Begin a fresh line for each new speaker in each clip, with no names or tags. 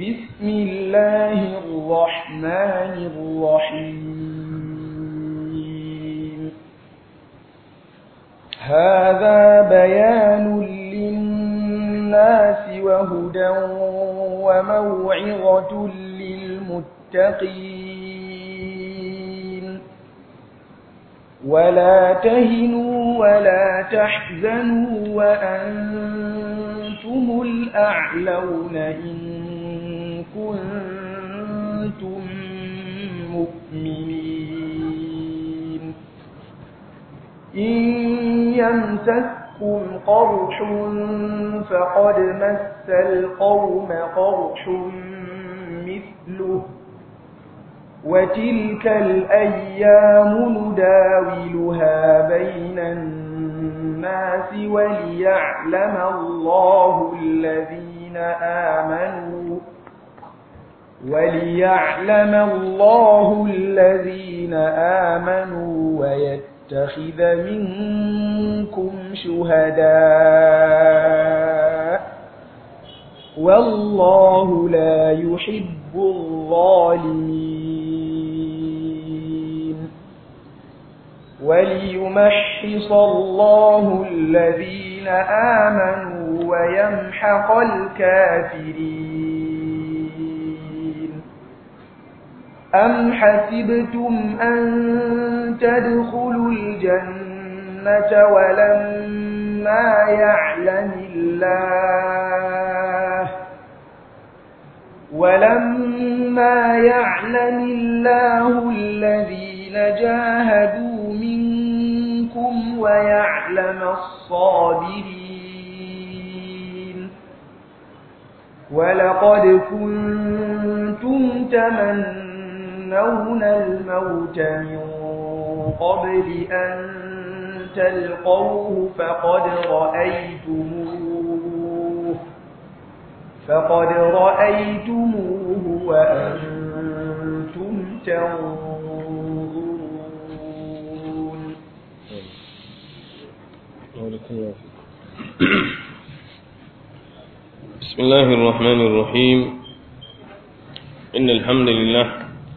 بسم الله الرحمن الرحيم هذا بيان للناس وهدى وموعظة للمتقين ولا تهنوا ولا تحزنوا وأنتم الأعلون إن كنتم مؤمنين إن يمسككم قرح فقد مس القوم قرح مثله وتلك الأيام نداولها بين الناس وليعلم الله الذين آمنوا وليعلم الله الذين آمنوا ويتخذ منكم شهداء والله لا يحب الظالمين وليمحص الله الذين آمنوا ويمحق الكافرين أَمْ حَسِبْتُمْ أَن تَدْخُلُوا الْجَنَّةَ وَلَمَّا يَعْلَمِ اللَّهُ وَلَمَّا يَعْلَمِ اللَّهُ الَّذِينَ جَاهَدُوا مِنكُمْ وَيَعْلَمَ الصَّابِرِينَ وَلَقَدْ كُنتُمْ تَمَنَّوْنَ تَصْلَوْنَ الْمَوْتَ مِن قَبْلِ أَن تَلْقَوْهُ فَقَدْ رَأَيْتُمُوهُ فَقَدْ رَأَيْتُمُوهُ وَأَنْتُمْ تَنْظُرُونَ
بسم الله الرحمن الرحيم إن الحمد لله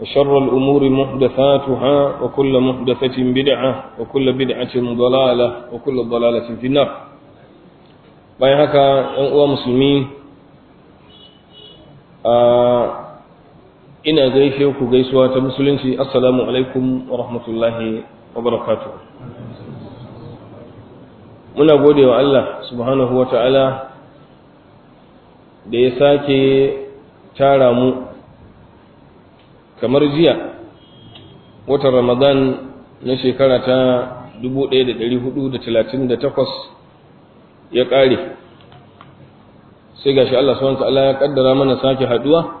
وشر الأمور محدثاتها وكل محدثة بدعة وكل بدعة ضلالة وكل ضلالة في النار bayan haka ‘yan uwa musulmi ina gaishe ku gaisuwa ta musulunci assalamu alaikum wa rahmatullahi wa barakatu muna gode wa Allah subhanahu wa ta'ala da ya sake tara mu kamar jiya watan ramadan na shekara ta 1438 ya ƙare sai gashi Allah subhanahu ta'ala ya kaddara mana sake haduwa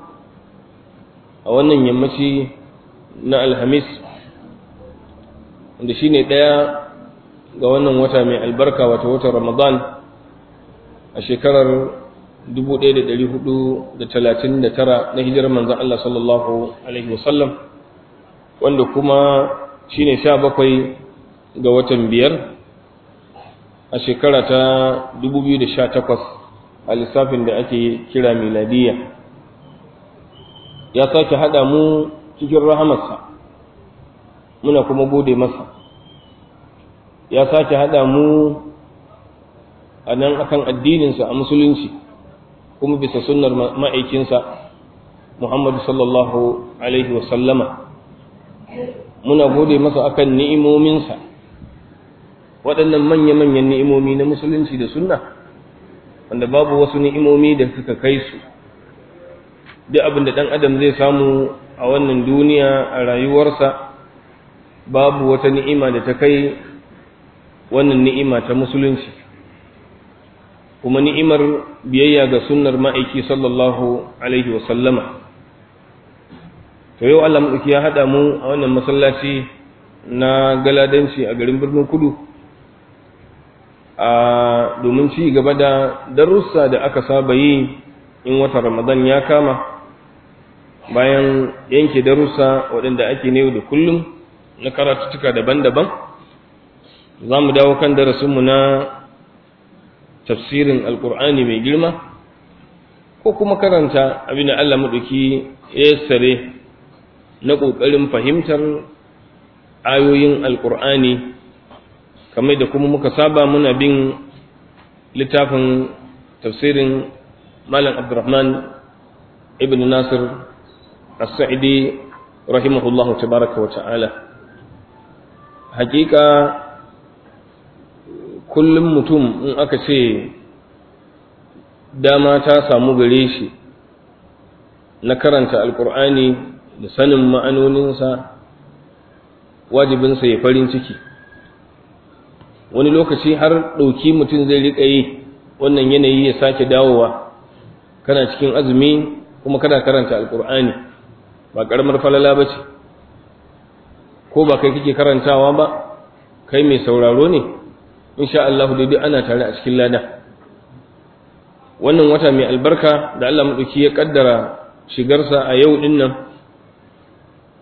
a wannan yammaci na alhamis wanda shine ɗaya ga wannan wata mai albarka wata watan ramadan a shekarar 1439 na hijirar manzan Allah sallallahu Alaihi wasallam wanda kuma shi ne sha bakwai ga watan biyar a shekara ta 2018 a lissafin da ake kira miladiyya ya sake haɗa mu cikin rahamarsa muna kuma gode masa ya sake haɗa mu a nan akan addininsa a musulunci kuma bisa sunnar ma'aikinsa Muhammad sallallahu alaihi wa sallama muna gode masa akan ni'imominsa waɗannan manya-manyan ni'imomi na musulunci da sunna wanda babu wasu ni'imomi da suka kai su duk abin da ɗan adam zai samu a wannan duniya a rayuwarsa babu wata ni'ima da ta kai wannan ni'ima ta musulunci kuma ni'imar biyayya ga sunnar ma'aiki sallallahu alaihi wasallama to yau Allah ya haɗa mu a wannan masallaci na galadanci a garin birnin kudu a domin ci gaba da darussa da aka saba yi in wata ramadan ya kama bayan yanke darussa waɗanda ake ne da kullum na karatuttuka daban-daban za mu dawo kan darasinmu na tafsirin alkur'ani mai girma ko kuma karanta abin da Allah maɗauki ya sare na ƙoƙarin fahimtar ayoyin alkur'ani kamar da kuma muka saba muna bin littafin tafsirin malam abdurrahman ibn nasir as-sa'idi rahimahullahu tabaraka wa ta'ala hakika kullum mutum in aka ce dama ta samu gare shi na karanta alkur'ani da sanin ma'anoninsa wajibinsa ya farin ciki wani lokaci har ɗauki mutum zai riƙa yi wannan yanayi ya sake dawowa kana cikin azumi kuma kana karanta alkur'ani ba ƙaramar falala ba ce ko ba kai kake karantawa ba kai mai sauraro ne insha Allah dai ana tare a cikin lada wannan wata mai albarka da Allah madauki ya kaddara shigarsa a yau din nan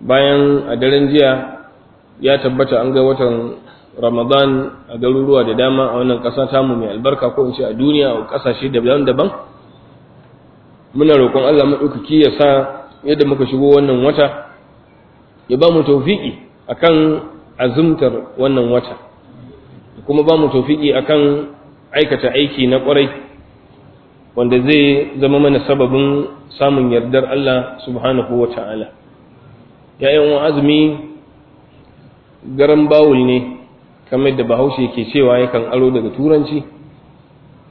bayan a daren jiya ya tabbata an ga watan Ramadan a garuruwa da dama a wannan ƙasa tamu mai albarka ko in ce a duniya a ƙasashe daban-daban muna roƙon Allah maɗaukaki ya sa yadda muka shigo wannan wata ya ba mu tawfiki akan azumtar wannan wata kuma ba mu tofiki akan aikata aiki na kwarai wanda zai zama mana sababin samun yardar Allah subhanahu wa ta'ala ‘ya'yan azumi garan bawul ne kamar da bahaushe ke cewa yakan aro daga turanci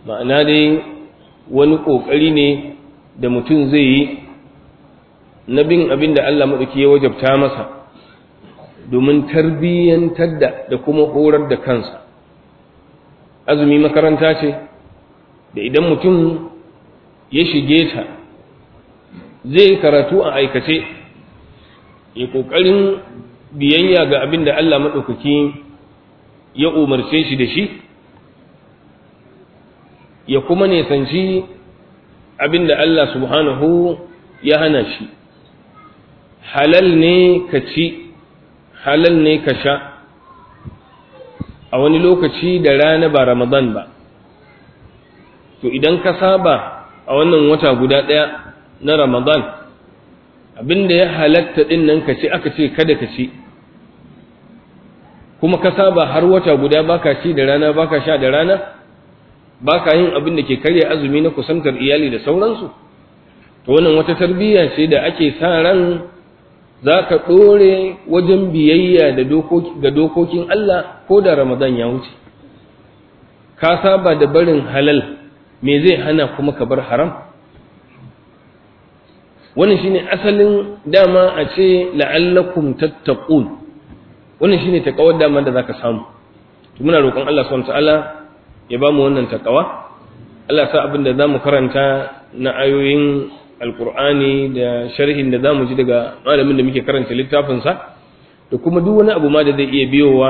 ma'ana dai wani ƙoƙari ne da mutum zai yi na bin abin da Allah maɗauki ya wajabta masa domin tarbiyyantar da kuma horar da kansa azumi makaranta ce da idan mutum ya shige ta zai karatu a aikace ya ƙoƙarin biyayya ga abin da Allah maɗaukaki ya umarce shi da shi ya kuma nesanci abin da Allah subhanahu ya hana shi halal ne ka ci halal ne ka sha a wani lokaci da rana ba ramadan ba to idan ka saba a wannan wata guda ɗaya na ramadan abinda ya halatta ɗin nan ka ci aka ce kada ka ci kuma ka saba har wata guda baka ci da rana baka sha da rana baka yin abin da ke karya azumi na kusantar iyali da sauransu to wannan wata tarbiyya ce da ake sa ran za ka ɗore wajen biyayya ga dokokin Allah ko da Ramadan ya wuce ka saba da barin halal me zai hana kuma ka bar haram shi shine asalin dama a ce la'allakum wani shi shine taƙawar dama da za ka samu Tu muna roƙon Allah subhanahu ta'ala ya mu wannan taƙawa? Allah sa abin da za mu karanta na ayoyin alkur'ani da sharhin da zamu ji daga malamin da muke karanta littafin sa da kuma duk wani abu ma da zai iya biyowa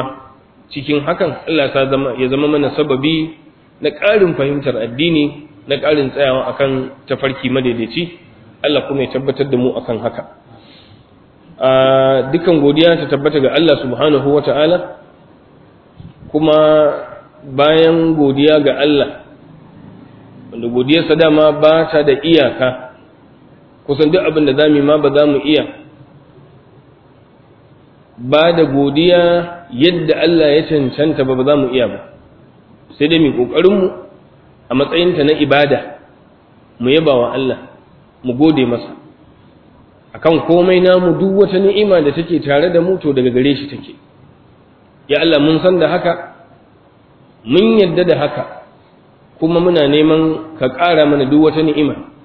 cikin hakan Allah ya zama ya zama mana sababi na ƙarin fahimtar addini na ƙarin tsayawa akan tafarki madaidaici Allah kuma ya tabbatar da mu akan haka a dukan godiya ta tabbata ga Allah subhanahu wata'ala kuma bayan godiya ga Allah wanda godiyarsa dama ba ta da iyaka kusan duk abin da za mu ma ba za mu iya ba da godiya yadda Allah ya cancanta ba ba za mu iya ba sai dai mu ƙoƙarinmu a matsayinta na ibada mu yaba wa Allah mu gode masa akan komai namu duk wata ni'ima da take tare da mu to daga gare shi take ya Allah mun san da haka mun yadda da haka kuma muna neman ka ƙara mana duk wata ni'ima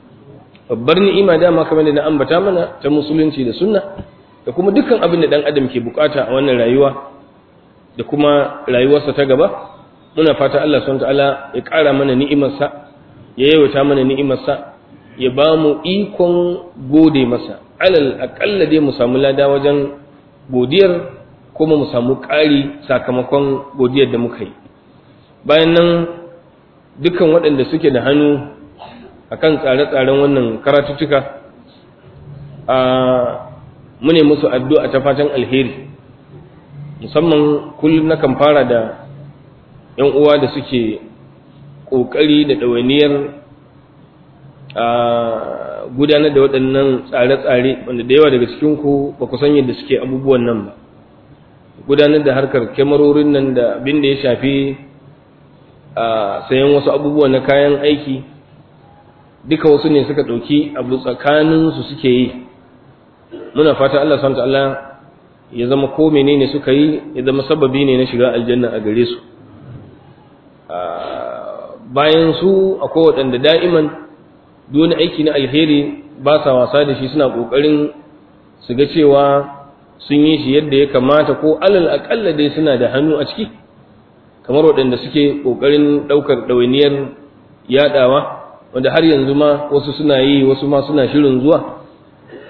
babbar ni'ima dama kamar da na ambata mana ta musulunci da sunna da kuma dukkan abin da dan adam ke bukata a wannan rayuwa da kuma rayuwarsa ta gaba muna fata Allah subhanahu ta'ala ya kara mana ni'imarsa ya yawaita mana ni'imarsa ya ba mu ikon gode masa alal aƙalla dai mu samu lada wajen godiyar kuma mu samu ƙari sakamakon godiyar da muka yi bayan nan dukkan waɗanda suke da hannu akan tsare-tsaren wannan karatuttuka a mune musu addu'a ta fatan alheri musamman kullum na kan fara da ‘yan uwa da suke ƙoƙari da ɗawainiyar a gudanar da waɗannan tsare-tsare wanda da yawa daga cikinku ba ku san yadda suke abubuwan nan ba gudanar da harkar kyamarorin nan da abin da ya shafi a sayan wasu abubuwan na kayan aiki duka wasu ne suka ɗauki abu tsakaninsu suke yi muna fata Allah santa Allah ya zama ko menene suka yi ya zama sababi ne na shiga aljanna a gare su
ah,
bayan su akwai waɗanda da'iman duwani aiki na alheri ba sa wasa da shi suna ƙoƙarin su ga cewa sun yi shi yadda ya kamata ko alal aƙalla dai suna da hannu a ciki kamar waɗanda suke ƙoƙarin ɗaukar ɗawainiyar yaɗawa wanda har yanzu ma wasu suna yi wasu ma suna shirin zuwa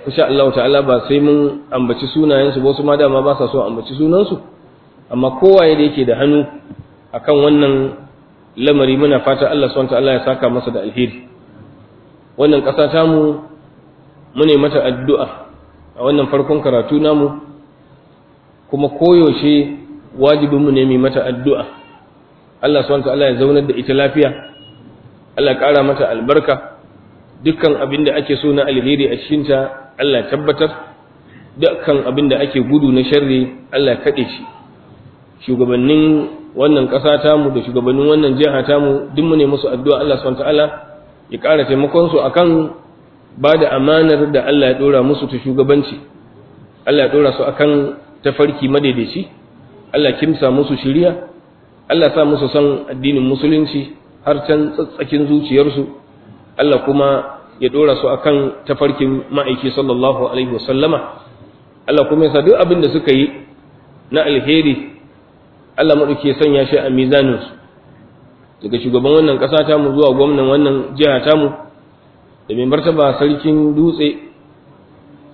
insha Allah ta'ala ba sai mun ambaci sunayensu ba wasu ma dama ba sa so ambaci sunansu amma kowaye da yake da hannu akan wannan lamari muna fata Allah subhanahu ta'ala ya saka masa da alheri wannan ta mu mune mata addu'a a wannan farkon karatu namu kuma koyaushe mu ne mai mata addu'a Allah subhanahu ta'ala ya zaunar da ita lafiya Allah ƙara mata albarka dukkan abin da ake so na alheri a cikinta Allah tabbatar dukkan abin da ake gudu na sharri Allah kaɗe shi shugabannin wannan ƙasa tamu da shugabannin wannan jiha tamu duk mu musu addu'a Allah subhanahu ta'ala ya ƙara taimakon su akan ba da amanar da Allah ya ɗora musu ta shugabanci Allah ya ɗora su akan tafarki madaidaici Allah kimsa musu shiriya Allah sa musu san addinin musulunci har can tsatsakin zuciyarsu Allah kuma ya dora su akan tafarkin ma'aiki sallallahu alaihi wasallama Allah kuma ya sa duk abin da suka yi na alheri Allah mu ya sanya shi a su daga shugaban wannan ta mu zuwa gwamnan wannan jiha mu da mai martaba sarkin dutse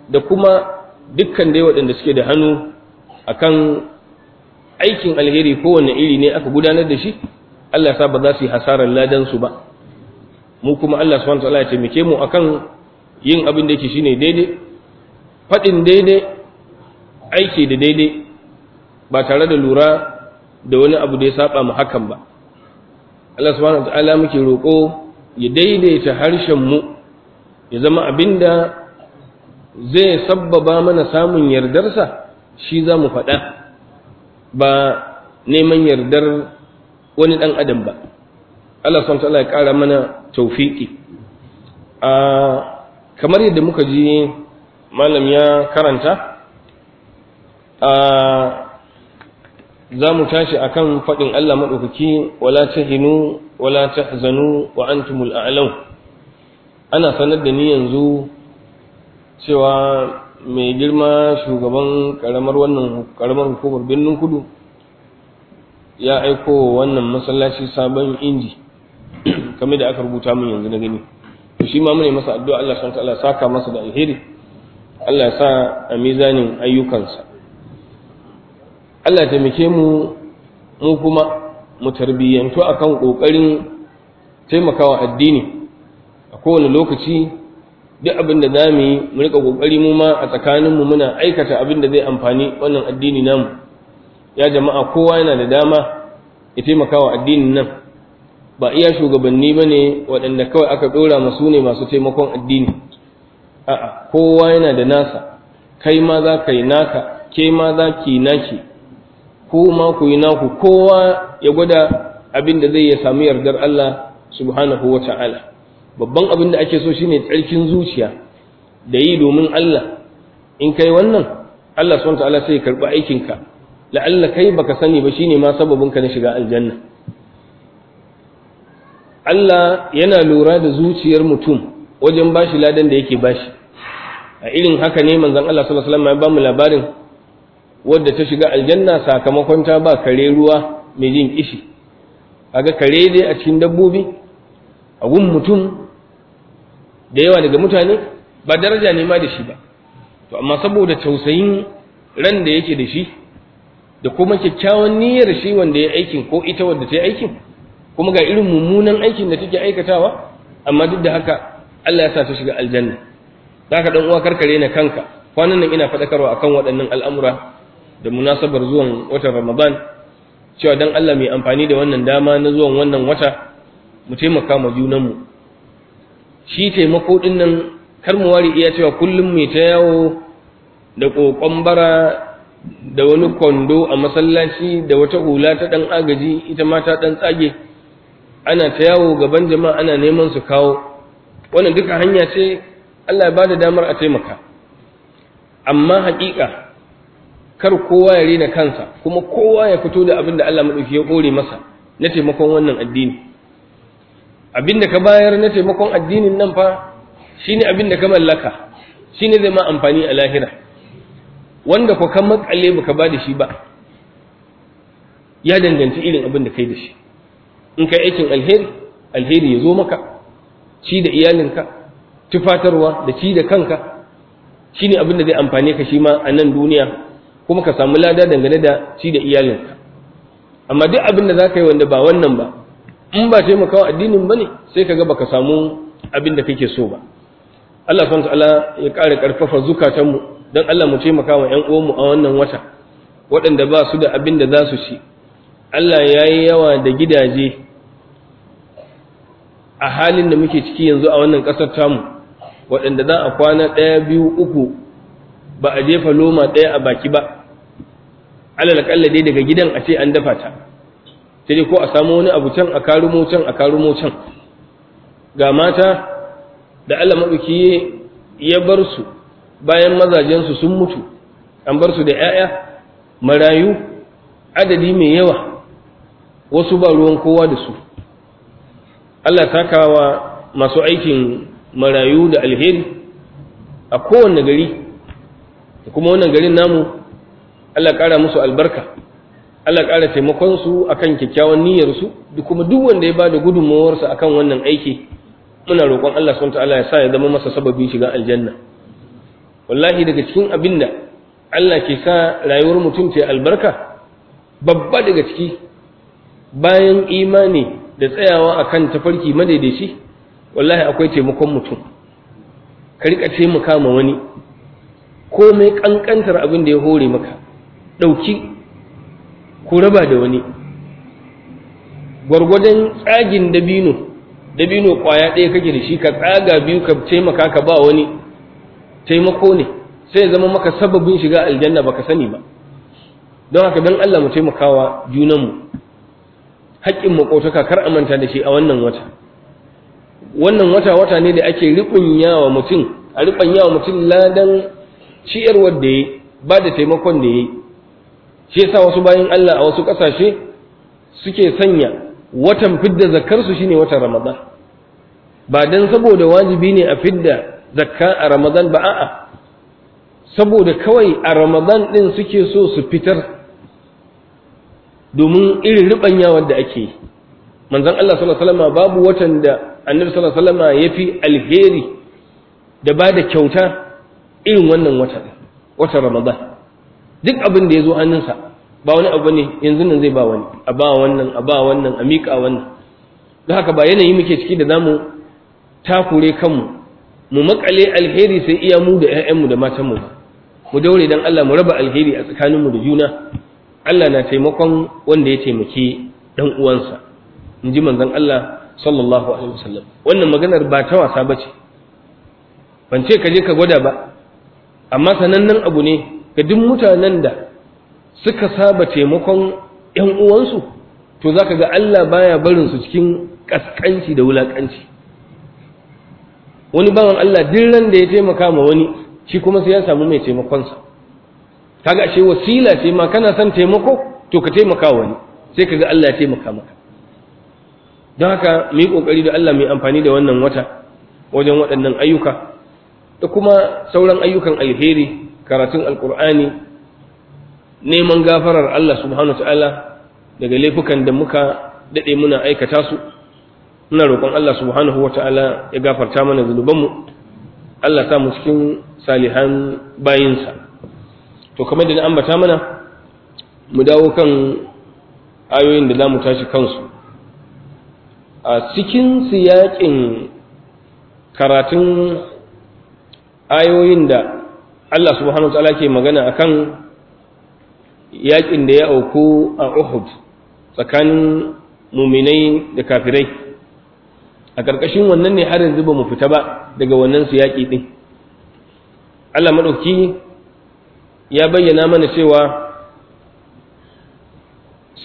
da kuma dukkan dai waɗanda suke da hannu akan aikin alheri kowane iri ne aka gudanar da shi Allah ya sa ba za su yi hasarar ladan su ba mu kuma Allah subhanahu wataala ya taimake mu akan yin abin da yake shine daidai faɗin daidai aiki da daidai ba tare da lura da wani abu da ya saba mu hakan ba Allah subhanahu wataala muke roƙo ya daidaita harshen mu ya zama abin da zai sabbaba mana samun yardarsa shi za mu faɗa ba neman yardar wani ɗan adam ba Allah sun tala ya ƙara mana taufiƙi a kamar yadda muka ji malam ya karanta a za mu tashi a kan faɗin Allah maɗaukaki wala ta hinu wala ta zanu wa a a'law ana sanar da ni yanzu cewa mai girma shugaban ƙaramar wannan hukumar birnin kudu ya aiko wannan masallaci sabon inji kamar da aka rubuta min yanzu na gani to shi ma mune masa addu'a Allah subhanahu ta'ala saka masa da alheri Allah ya sa a mizanin ayyukansa Allah ya taimake mu mu kuma mu tarbiyyantu akan kokarin taimakawa addini a kowane lokaci duk abin da zamu yi mu rika kokari mu ma a tsakaninmu muna aikata abin da zai amfani wannan addini namu ya jama'a kowa yana da dama ya taimaka wa addinin nan ba iya shugabanni ba ne waɗanda kawai aka ɗora masu ne masu taimakon addini a'a kowa yana da nasa kai ma za ka yi naka ke ma za ki naki ko ma ku yi naku kowa ya gwada abin da zai ya sami yardar Allah subhanahu wa ta'ala babban abin da ake so shine tsarkin zuciya da yi domin Allah in kai wannan Allah subhanahu wa ta'ala sai ya karɓi aikinka la'alla kai baka sani ba shine ma sababin ka na shiga aljanna Allah yana lura da zuciyar mutum wajen bashi ladan da yake bashi a irin haka ne manzon Allah sallallahu alaihi wasallam ya ba mu labarin wadda ta shiga aljanna sakamakon ta ba kare ruwa mai jin kishi kaga kare dai a cikin dabbobi a gun mutum da yawa daga mutane ba daraja ne ma da shi ba to amma saboda tausayin ran da yake da shi da kuma kyakkyawan niyyar shi wanda ya aikin ko ita wanda ta yi aikin kuma ga irin mummunan aikin da take aikatawa amma duk da haka Allah ya sa ta shiga aljanna zaka dan uwa karkare na kanka kwanan nan ina faɗakarwa akan waɗannan al'amura da munasabar zuwan watan Ramadan cewa dan Allah mai amfani da wannan dama na zuwan wannan wata mu taimaka ma junan mu shi taimako din nan kar mu ware iya cewa kullum mai ta yawo da kokon bara da wani kwando a masallaci da wata hula ta ɗan agaji ita ma ta ɗan tsage ana ta yawo gaban jama'a ana neman su kawo wannan duka hanya ce Allah ya ba da damar a taimaka amma haƙiƙa kar kowa ya rina kansa kuma kowa ya fito da abin da Allah maɗauki ya ƙore masa na taimakon wannan addini abin da ka bayar na taimakon addinin nan fa shine abin da ka mallaka shine zai ma amfani a lahira wanda ku kan makale baka ba da shi ba ya danganci irin abin da kai da shi in kai aikin alheri alheri ya zo maka ci da iyalinka tufatarwa da ci da kanka shine abin da zai amfane ka shi ma a nan duniya kuma ka samu lada dangane da ci da iyalinka amma duk abin da za ka yi wanda ba wannan ba in ba taimakawa addinin ba ne sai ka ga baka samu abin da kake so ba Allah subhanahu wa ta'ala ya ƙara ƙarfafa zukatanmu don Allah mu taimaka wa ‘yan uwanmu a wannan wata waɗanda ba su da abin da za su ci Allah ya yi yawa da gidaje a halin da muke ciki yanzu a wannan ƙasar tamu waɗanda za a kwana ɗaya biyu uku ba a jefa loma ɗaya a baki ba alal dai daga gidan a ce an dafa ta sai ko a samu wani abu can a karumo can a karumo can ga mata da Allah maɗauki ya bar su bayan mazajensu sun mutu an bar su da 'ya'ya marayu adadi mai yawa wasu ba ruwan kowa da su Allah takawa masu aikin marayu da alheri a kowane gari da kuma wannan garin namu Allah ƙara musu albarka Allah ƙara taimakonsu akan kan kyakkyawan niyyarsu da kuma duk wanda ya ba da gudunmawarsa a kan wannan aiki muna roƙon Allah sun ta'ala ya sa ya zama masa sababin shiga aljanna wallahi daga cikin abin da Allah ke sa rayuwar mutum ce albarka babba daga ciki bayan imani da tsayawa a kan tafarki madaidaici wallahi akwai taimakon mutum ka rika taimaka ma wani komai ƙanƙantar abin da ya hore maka ɗauki, ko raba da wani gwargwadon tsagin dabino dabino kwaya ɗaya kake da shi ka tsaga biyu ka taimaka ka ba wani taimako ne sai zama maka sababin shiga aljanna baka sani ba don haka don Allah mu taimakawa junanmu haƙƙin kotaka kar a manta da shi a wannan wata wannan wata wata ne da ake riƙunyawa mutum a riƙunyawa mutum ladan ciyarwar da ya ba da taimakon da ya shi yasa wasu bayan Allah a wasu ƙasashe suke sanya watan fidda zakarsu shine watan Ramadan ba dan saboda wajibi ne a fidda zakka a ramadan ba a'a saboda kawai a ramadan din suke so su fitar domin irin ribanyawar wanda ake yi manzon Allah sallallahu alaihi wasallam babu watan da annabi sallallahu alaihi wasallam yafi alheri da ba da kyauta irin wannan watan watan ramadan duk abin da ya zo hannunsa ba wani abu ne yanzu nan zai ba wani a ba wannan a ba wannan a miƙa wannan don haka ba yanayi muke ciki da zamu takure kanmu mu makale alheri sai iya mu da ƴaƴanmu da matanmu ba mu daure dan Allah mu raba alheri a tsakaninmu da juna Allah na taimakon wanda ya taimaki dan uwansa in ji manzon Allah sallallahu alaihi wasallam wannan maganar ba ta wasa bace ban ce ka je ka gwada ba amma sanannen abu ne ga duk mutanen da suka saba taimakon ƴan uwansu, to zaka ga Allah baya barin su cikin ƙasƙanci da wulaƙanci. wani bawan Allah duk ran da ya taimaka ma wani shi kuma sai ya samu mai taimakonsa kaga ashe wasila ce ma kana son taimako to ka taimaka wani sai kaga Allah ya taimaka maka don haka mu yi kokari da Allah mu amfani da wannan wata wajen waɗannan ayyuka da kuma sauran ayyukan alheri karatun alkur'ani neman gafarar Allah subhanahu wa ta'ala daga laifukan da muka dade muna aikata su ina roƙon Allah subhanahu wa ta'ala ya gafarta mana zunubanmu Allah sa mu cikin salihan bayinsa to kamar da na ambata mana mu dawo kan ayoyin da za mu tashi kansu a cikin siyaƙin karatun ayoyin da Allah subhanahu wa ta'ala ke magana akan yaƙin da ya auku a Uhud tsakanin muminai da kafirai a ƙarƙashin wannan ne har yanzu ba mu fita ba daga wannan su yaƙi ɗin Allah maɗauki ya bayyana mana cewa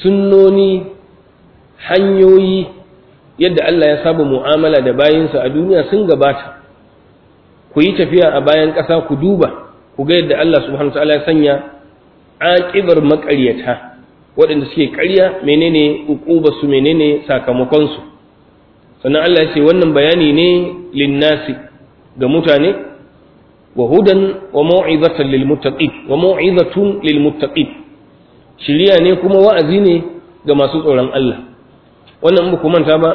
sunnoni hanyoyi yadda Allah ya saba mu'amala da bayansa a duniya sun gabata ku yi tafiya a bayan ƙasa ku duba ku ga yadda Allah subhanahu wa ya sanya aƙibar maƙaryata waɗanda suke karya menene uƙubarsu menene sakamakonsu sannan Allah ya ce wannan bayani ne linnasi ga mutane wa hudan wa mau'izatan lil muttaqin wa mau'izatun lil muttaqin shiriya ne kuma wa'azi ne ga masu tsoron Allah wannan ba ku manta ba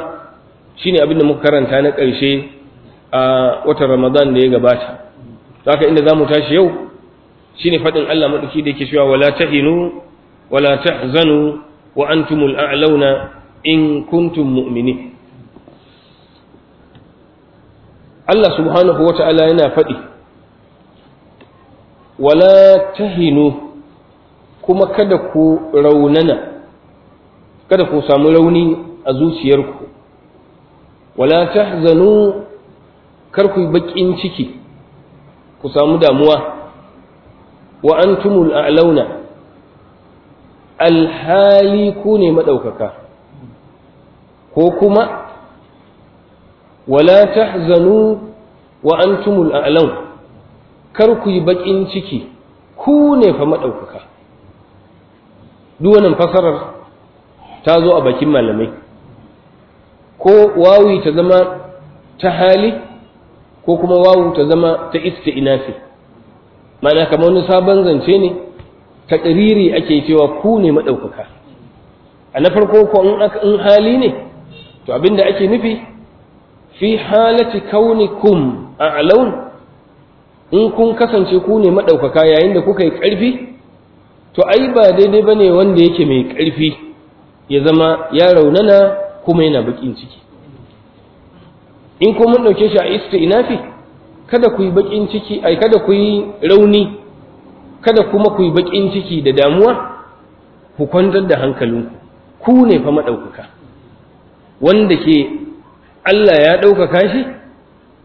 shine abin da muka karanta na ƙarshe a watan Ramadan da ya gabata haka inda zamu tashi yau shine fadin Allah madauki da yake cewa wala tahinu wala tahzanu wa antumul a'launa in kuntum mu'minin Allah subhanahu wa ta'ala yana faɗi wala tahinu kuma kada ku raunana kada ku samu rauni a zuciyarku wala tahzanu kar ku baƙin ciki ku samu damuwa wa a launa, alhali ku ne maɗaukaka, ko kuma wala tahzanu wa antumul a'lam kar ku yi bakin ciki ku ne fa madaukaka duk wannan ta zo a bakin malamai ko wawi ta zama ta hali ko kuma wawu ta zama ta isti'nafi mana kamar ni sabon zance ne taƙariri ake cewa ku ne madaukaka a na farko ko in hali ne to abinda ake nufi fi halati a a'laun in kun kasance ku ne madaukaka yayin da kuka yi ƙarfi, to ai ba daidai ba ne wanda yake mai karfi ya zama ya raunana kuma yana bakin ciki in kuma mun dauke shi a istinafi kada ku yi bakin ciki ai kada ku yi rauni kada kuma ku yi bakin ciki da damuwa ku kwantar da hankalinku ku ne fa maɗaukaka wanda ke Allah ya ɗaukaka shi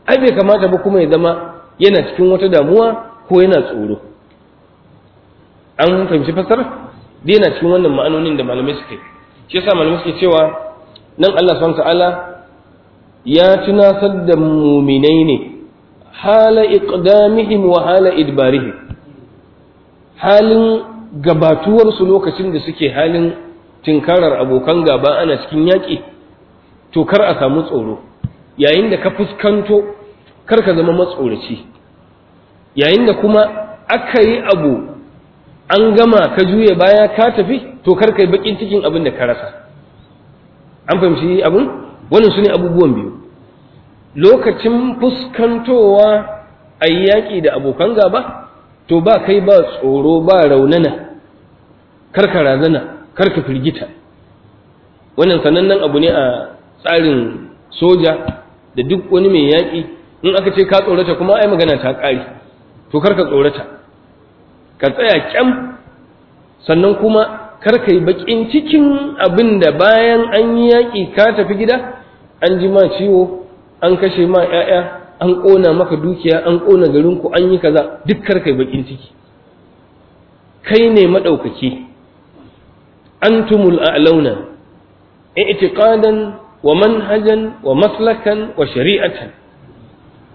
ai bai kamata ba kuma ya zama yana cikin wata damuwa ko yana tsoro an fahimci fasar da yana cikin wannan ma'anonin da malamai suke shi yasa malamai suke cewa nan Allah subhanahu ta'ala ya tunasar da muminai ne hala iqdamihim wa hala idbarihim halin gabatuwarsu lokacin da suke halin tinkarar abokan gaba ana cikin yaƙi to kar a samu tsoro yayin da ka fuskanto kar ka zama matsoraci yayin da kuma aka yi abu an gama ka juye baya ka tafi to kar ka yi bakin cikin abin da ka rasa an fahimci abin wannan su ne abubuwan biyu lokacin fuskantowa a yaƙi da abokan gaba to ba kai ba tsoro ba raunana karka razana karka firgita wannan sanannen abu ne a tsarin soja da duk wani mai yaƙi in aka ce ka tsorata kuma ai magana ta ƙari to karka tsorata ka tsaya kyam sannan kuma kar ka yi baƙin cikin abin da bayan an yi yaƙi ka tafi gida an ji ma ciwo an kashe ma ƴaƴa, an ƙona maka dukiya an ƙona garinku an yi kaza duk kar ka yi baƙin ciki kai ne maɗaukaki antumul a'launa i'tiqadan wa manhajan wa maslakan wa shari'atan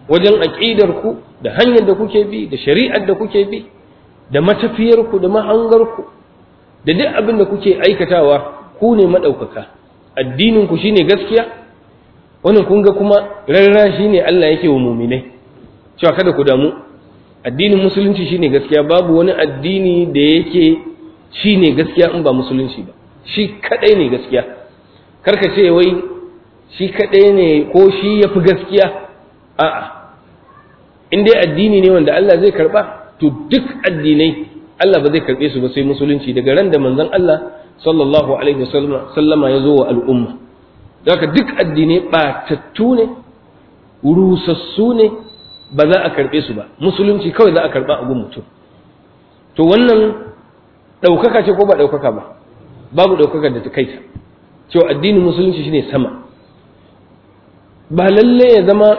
wajen aƙidar ku da hanyar da kuke bi da shari'ar da kuke bi da matafiyar ku da mahangar ku da duk abin da kuke aikatawa ku ne madaukaka addinin ku shine gaskiya wannan kun ga kuma rarra shine Allah yake wa mu'minai cewa kada ku damu addinin musulunci shine gaskiya babu wani addini da yake shine gaskiya in ba musulunci ba shi kadai ne gaskiya karka ce wai shi kaɗai ne ko shi ya fi gaskiya a'a in dai addini ne wanda Allah zai karɓa to duk addinai Allah ba zai karɓe su ba sai musulunci daga ran da manzon Allah sallallahu alaihi wasallama ya zo wa al'umma daga duk addinai ɓatattu ne rusassu ne ba za a karɓe su ba musulunci kawai za a karɓa a gun mutum to wannan ɗaukaka ce ko ba ɗaukaka ba babu ɗaukaka da ta kaita cewa addinin musulunci shine sama ba lalle ya zama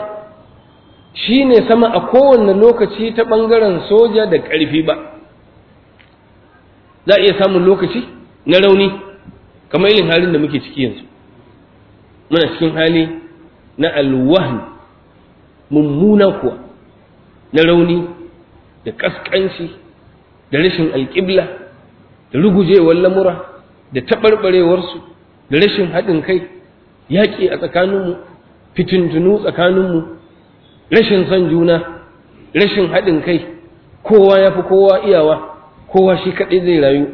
shi ne sama a kowane lokaci ta ɓangaren soja da ƙarfi ba za a iya samun lokaci na rauni kamar irin halin da muke ciki yanzu muna cikin hali na alwahan mummuna kuwa na rauni da ƙasƙanci da rashin alƙibla da rugujewar lamura da taɓarɓarewarsu da rashin haɗin kai yaƙi a tsakaninmu fitintunu tsakaninmu rashin son juna rashin haɗin kai kowa ya fi kowa iyawa kowa shi kaɗai zai rayu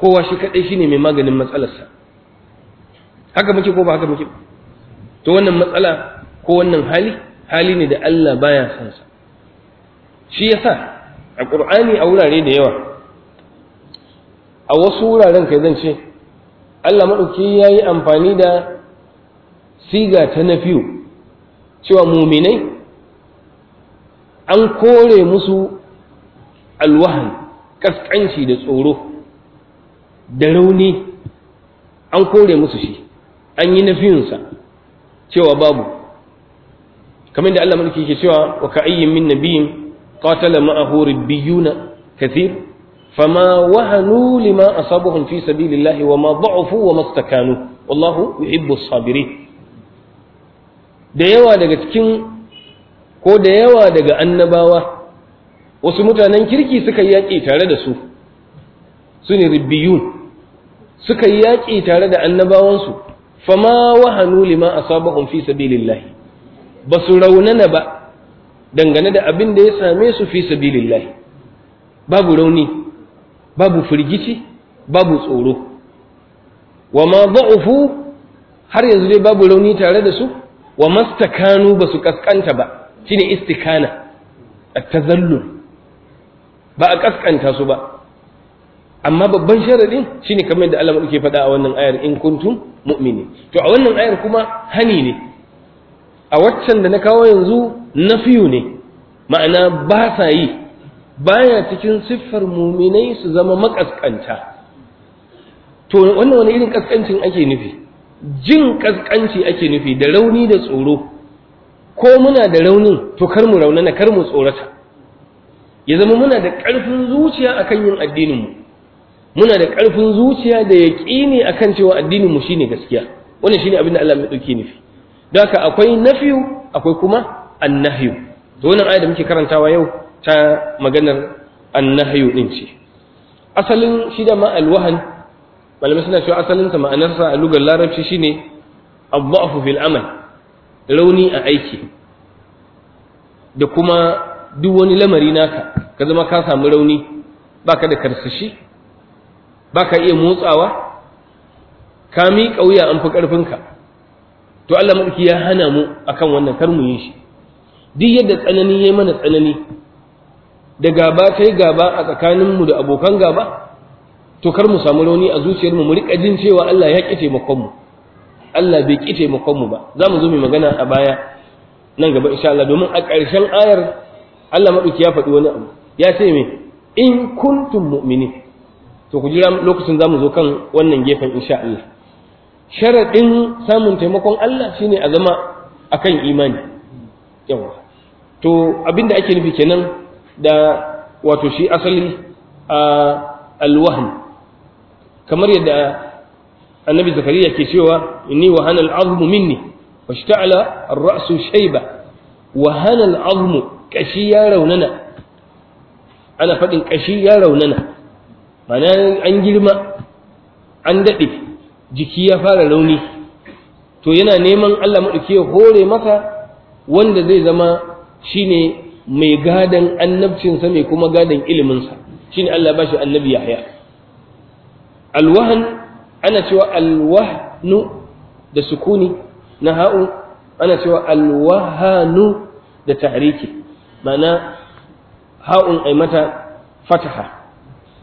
kowa shi kaɗai shine mai maganin matsalarsa haka muke ko ba haka muke to wannan matsala ko wannan hali hali ne da Allah baya son sa shi yasa a Qur'ani a wurare da yawa a wasu wuraren kai zan ce Allah madauki yayi amfani da siga ta na fiyo cewa muminai an kore musu alwahan kaskanci da tsoro da rauni an kore musu shi an yi nafiyunsa cewa babu kamar da Allah mulki yake cewa wa ka'ayyin min nabiyyin qatala ma'ahu rabbiyuna kathir fama wahanu lima asabahum fi sabilillahi ma da'ufu wa mastakanu wallahu yuhibbu as-sabirin da yawa daga cikin ko da yawa daga annabawa wasu mutanen kirki suka yi yaƙi tare da su su ne ribiyun suka yi yaƙi tare da annabawansu fama wahanu lima asabahum fi sabilillahi ba su raunana ba dangane da abin da ya same su fi sabilillahi babu rauni babu firgici babu tsoro wa ma ba'ufu har yanzu dai babu rauni tare da su wa mastakanu ba su kaskanta ba shine istikana ta tazallul ba a kaskanta su ba amma babban shi shine kamar da Allah ke faɗa a wannan ayar in kuntum mu'mini to a wannan ayar kuma hani ne a waccan da na kawo yanzu na nafiyu ne ma'ana ba sa yi baya cikin siffar muminai su zama makaskanta to wannan wani irin kaskancin ake nufi jin ƙasƙanci ake nufi da rauni da tsoro ko muna da raunin to kar mu raunana kar mu tsorata ya zama muna da ƙarfin zuciya akan yin addininmu muna da ƙarfin zuciya da a kan cewa addininmu shine gaskiya wannan shine abin da Allah mai dauke nufi Da haka akwai nafiyu akwai kuma annahyu Da wannan aya da muke karantawa yau ta maganar annahyu ɗin ce asalin shi da ma alwahan malamai suna cewa ma'anar sa a lugar larabci shine abu'afu fil amal rauni a aiki da kuma duk wani lamari naka ka zama ka samu rauni baka da karsashi baka iya motsawa ka mi kauya an fi karfinka to Allah madauki ya hana mu akan wannan kar mu yi shi duk yadda tsanani yayi mana tsanani da gaba kai gaba a tsakanin mu da abokan gaba to kar mu samu rauni a zuciyar mu mu rika jin cewa Allah ya ki taimakon mu Allah bai ki taimakon mu ba za mu zo mu magana a baya nan gaba insha Allah domin a ƙarshen ayar Allah madauki ya faɗi wani abu ya ce me in kuntum mu'minin to ku jira lokacin za mu zo kan wannan gefen insha Allah sharadin samun taimakon Allah shine a zama akan imani yawa to abinda ake nufi kenan da wato shi asali a alwahm kamar yadda annabi zakariya ke cewa inni wa hanal azmu minni washta'ala ar-ra'su shayba wa hanal azmu kashi ya raunana ana faɗin kashi ya raunana mana an girma an daɗe jiki ya fara rauni to yana neman Allah maɗauki ya hore maka wanda zai zama shine mai gadan annabcinsa mai kuma gadan iliminsa shine Allah bashi annabi Yahya alwahan ana cewa alwahnu da sukuni na ha'u ana cewa alwahanu da tariki ma'ana ha'un aimata fataha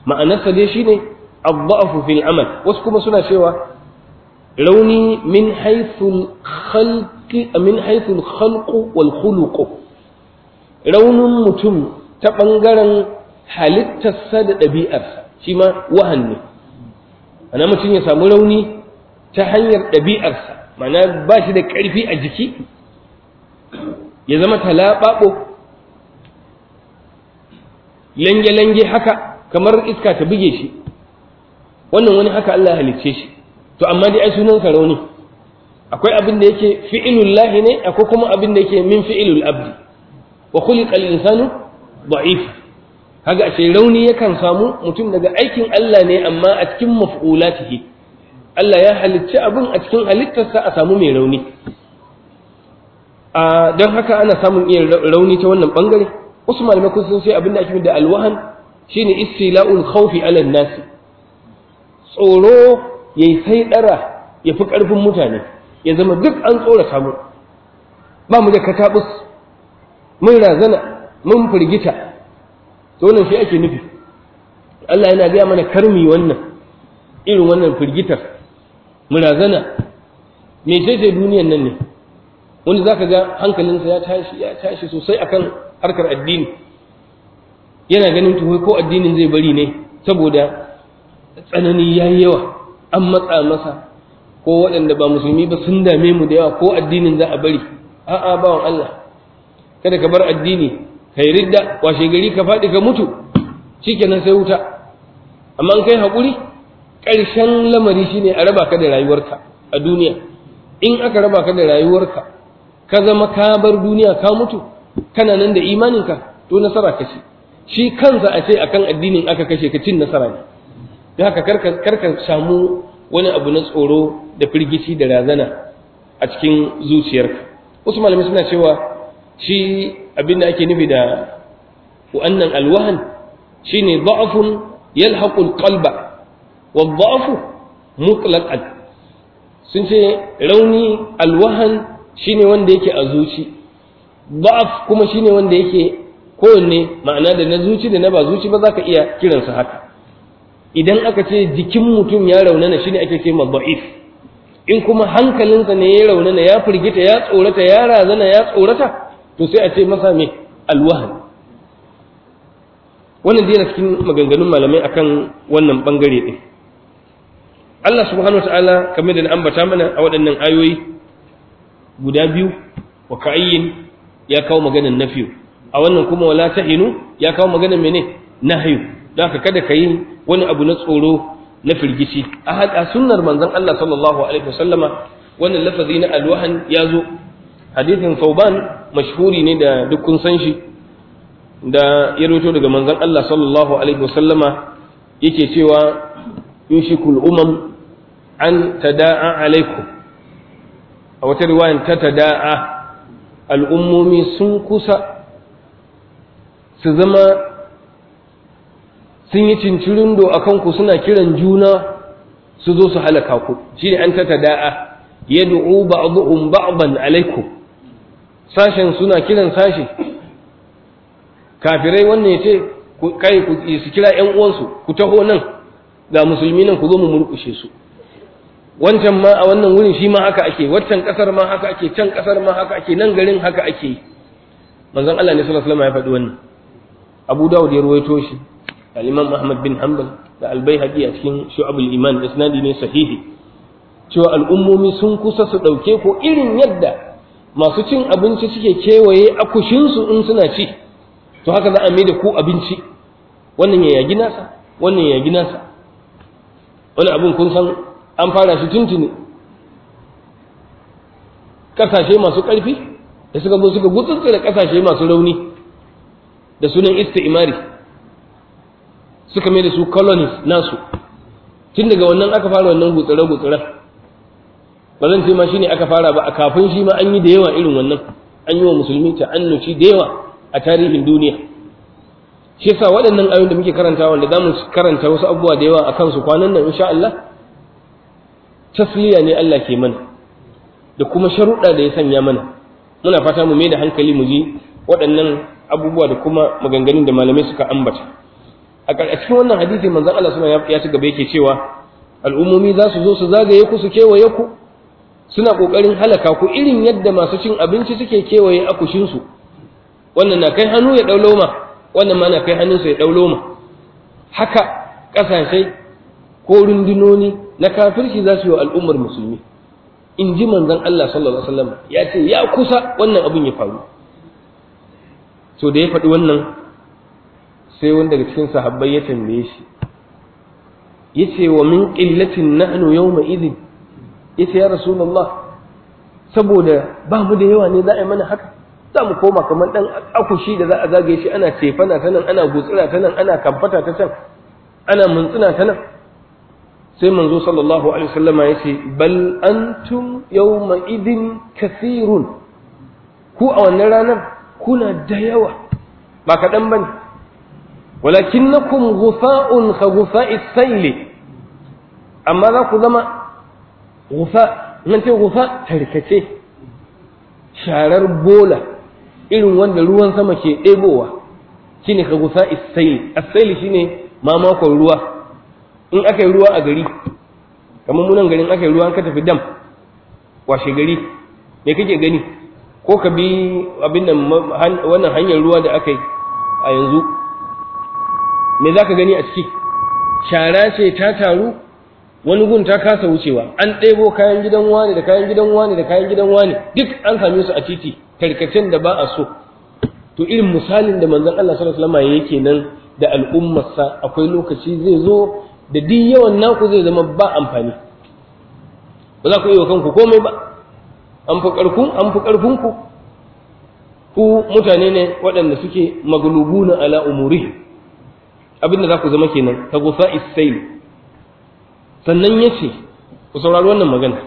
ma'anarsa dai shine abba'afu fil amal wasu kuma suna cewa rauni min haithul khalqi wal khuluqu raunin mutum ta ɓangaren halittarsa da ɗabi'arsa shima ma wahan ne ana mutum ya samu rauni ta hanyar ɗabi'arsa mana ba shi da ƙarfi a jiki ya zama talaɓaɓo lange-lange haka kamar iska ta buge shi wannan wani haka Allah halicce shi to amma dai ai sunansa rauni akwai abin da yake fi'ilul lahi ne akwai kuma abin da yake min fi'ilul abdi wa khuliqal al-insanu da'if kaga ashe rauni yakan samu mutum daga aikin Allah ne amma a cikin maf'ulatihi Allah ya halicci abin a cikin halittarsa a samu mai rauni a don haka ana samun iya rauni ta wannan bangare wasu malamai sun sai abin da ake da alwahan shine istila'ul khawfi ala nas tsoro yayi sai dara ya fi karfin mutane ya zama duk an tsora mu ba mu da katabus mun razana mun firgita to wannan shi ake nufi Allah yana gaya mana karmi wannan irin wannan firgitar murazana me ce ce duniyar nan ne wani zaka ga hankalinsa ya tashi ya tashi sosai akan harkar addini yana ganin tuho ko addinin zai bari ne saboda tsanani yayi yawa an matsa masa ko waɗanda ba musulmi ba sun dame mu da yawa ko addinin za a bari a'a bawan Allah kada ka bar addini kai ridda washe gari ka faɗi ka mutu shikenan sai wuta amma kai haƙuri Karshen lamari shine a raba ka da rayuwarka a duniya in aka raba ka da rayuwarka ka zama ka bar duniya ka mutu kana nan da imaninka to nasara ka ce shi kansa a ce akan addinin aka kashe ka cin nasara ne don haka karka samu wani abu na tsoro da firgici da razana a cikin zuciyarka wasu malamai suna cewa shi abinda ake nufi da wannan alwahan shine da'afun yalhaqu alqalba wa da'afu mutlaqan sun ce rauni alwahan shine wanda yake a zuci da'af kuma shine wanda yake kowanne ma'ana da na zuci da na ba zuci ba za ka iya kiransa haka idan aka ce jikin mutum ya raunana shine ake ce ma in kuma hankalinsa ne ya raunana ya firgita ya tsorata ya razana ya tsorata to sai a ce masa me alwahan wannan dai cikin maganganun malamai akan wannan bangare din Allah subhanahu ta'ala kamar da na ambata mana a waɗannan ayoyi guda biyu wa ka'ayyin ya kawo maganar nafiyu a wannan kuma wala tahinu ya kawo maganan mene nahyu don haka kada ka yi wani abu na tsoro na firgici a haɗa sunnar manzon Allah sallallahu alaihi wasallama wannan lafazi na alwahan ya zo hadisin sauban mashhuri ne da duk kun san shi da ya rubuto daga manzon Allah sallallahu alaihi wasallama yake cewa yushikul umam an tada'a alaikum a wata riwayan ta tada'a al'ummomi sun kusa su zama sun yi cincirin do a kanku suna kiran juna su zo su halaka ku shi ne an ta tada'a yad'u ba'dhum ba'dan alaikum sashen suna kiran sashi kafirai wannan ya ce kai ku su kira ƴan uwansu ku taho nan ga musulmi nan ku zo mu murƙushe su wancan ma a wannan wurin shi ma haka ake waccan kasar ma haka ake can kasar ma haka ake nan garin haka ake manzon Allah ne sallallahu alaihi wasallam ya faɗi wannan Abu Dawud ya ruwaito shi al-Imam Ahmad bin Hanbal da Al-Baihaqi a cikin Shu'abul Iman isnadi ne sahihi cewa al'ummomi sun kusa su dauke ko irin yadda masu cin abinci suke kewaye akushinsu in suna ci to haka za a mai da ku abinci wannan ya yagi nasa wannan ya yagi nasa wani abin kun san an fara shi tuntuni ƙasashe masu ƙarfi da suka zo suka gutsutsu da ƙasashe masu rauni da sunan Ist-Imari, suka mai da su colonies nasu tun daga wannan aka fara wannan gutsura-gutsura ba zan ce ma shine aka fara ba kafin shi ma an yi da yawa irin wannan an yi wa musulmi ta ta'annuci da yawa a tarihin duniya shi yasa waɗannan ayoyin da muke karanta wanda zamu karanta wasu abubuwa da yawa akan su kwanan nan insha Allah tasliya ne Allah ke mana da kuma sharuɗa da ya sanya mana muna fata mu mai da hankali mu ji waɗannan abubuwa da kuma maganganun da malamai suka ambata a cikin wannan hadisi manzon Allah suna ya ci gaba yake cewa al'ummomi za su zo su zagaye ku su kewaye ku suna ƙoƙarin halaka ku irin yadda masu cin abinci suke kewaye akushinsu wannan na kai hannu ya ɗau loma wannan ma na kai hannunsa ya ɗau loma haka ƙasashe ko rundunoni na kafirci za su yi wa al'ummar musulmi in ji manzon Allah sallallahu alaihi ya ce ya kusa wannan abin ya faru to da ya faɗi wannan sai wanda daga cikin sahabbai ya tambaye shi yace wa min qillatin nahnu yawma ma'izin. yace ya rasulullah saboda ba mu da yawa ne za a yi mana haka za mu koma kamar dan akushi da za a zagaye shi ana cefana ta nan ana gutsira ta nan ana kamfata ta can ana muntsina ta nan sai manzo sallallahu alaihi wasallama yace bal antum yawma idin kathirun ku a wannan ranar kuna da yawa ba kaɗan bane walakinnakum ghufa'un ka ghufa'i sayli amma za ku zama wufa nan ce wufa tarkace sharar bola irin wanda ruwan sama ke ɗebowa shine ka gusa isaili shi ne mamakon ruwa in aka yi ruwa a gari kamar munan garin aka yi ruwa ka tafi dam washe gari me kake gani ko ka bi abin da wannan hanyar ruwa da aka yi a yanzu me za ka gani a ciki shara ce ta taru wani gun ta kasa wucewa an ɗebo kayan gidan wani da kayan gidan wani da kayan gidan wani duk an same su a titi karkacin da ba a so to irin misalin da manzan Allah sallallahu alaihi wasallam yake nan da al'ummarsa akwai lokaci zai zo da duk yawan naku zai zama ba amfani ba za ku yi wa kanku komai ba an fi ƙarfin an fi ƙarfin ku ku mutane ne waɗanda suke maglubuna ala umuri abinda za ku zama kenan ta gusa isail sannan ya ce ku saurari wannan magana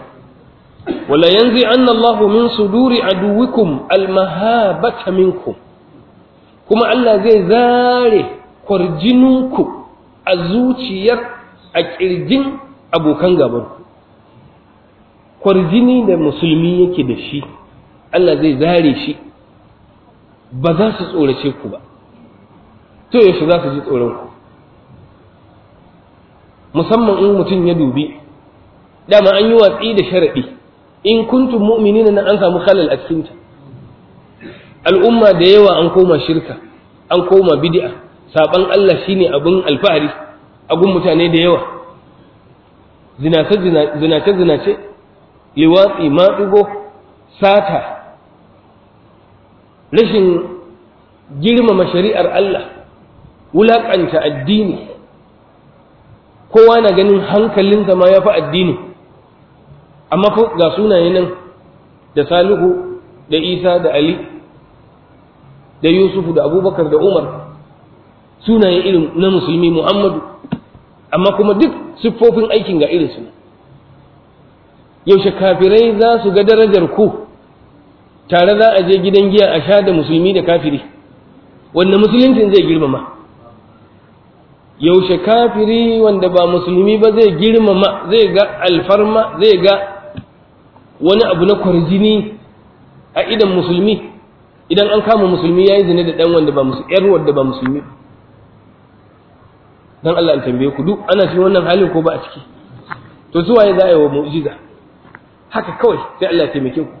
wala yanzu annallahu Allah min suduri aduwikum almahabata minku kuma Allah zai zare kwarjininku a zuciyar a ƙirjin abokan gaban kwarjini da musulmi yake da shi Allah zai zare shi ba za su tsorace ku ba to yaushe za su ji tsoron ku musamman in mutum ya dubi dama an yi watsi da sharaɗi in kuntum mu'minina nan an samu khalal a cikinta al'umma da yawa an koma shirka an koma bid'a saban Allah shine abin alfahari a gun mutane da yawa zinace zinace zinace liwatsi maɗugo sata rashin girmama shari'ar Allah wulaƙanta addini kowa na ganin hankalin ma ya fi addini amma ga sunaye nan da salihu da isa da ali da yusufu da abubakar da umar sunaye irin na musulmi muhammadu amma kuma duk siffofin aikin ga irinsu yaushe kafirai za su ga darajar ku tare za a je gidan giya a sha da musulmi da kafiri wanda musuluncin zai girmama yaushe kafiri wanda ba musulmi ba zai girmama zai ga alfarma zai ga wani abu na kwarjini a idan musulmi idan an kama musulmi ya yi zane da ɗan wanda ba musulmi ƴar wanda ba musulmi don Allah tambaye ku duk ana cikin wannan halin ko ba a ciki to zuwa waye za a yi wa mu'jiza haka kawai sai Allah ya taimake ku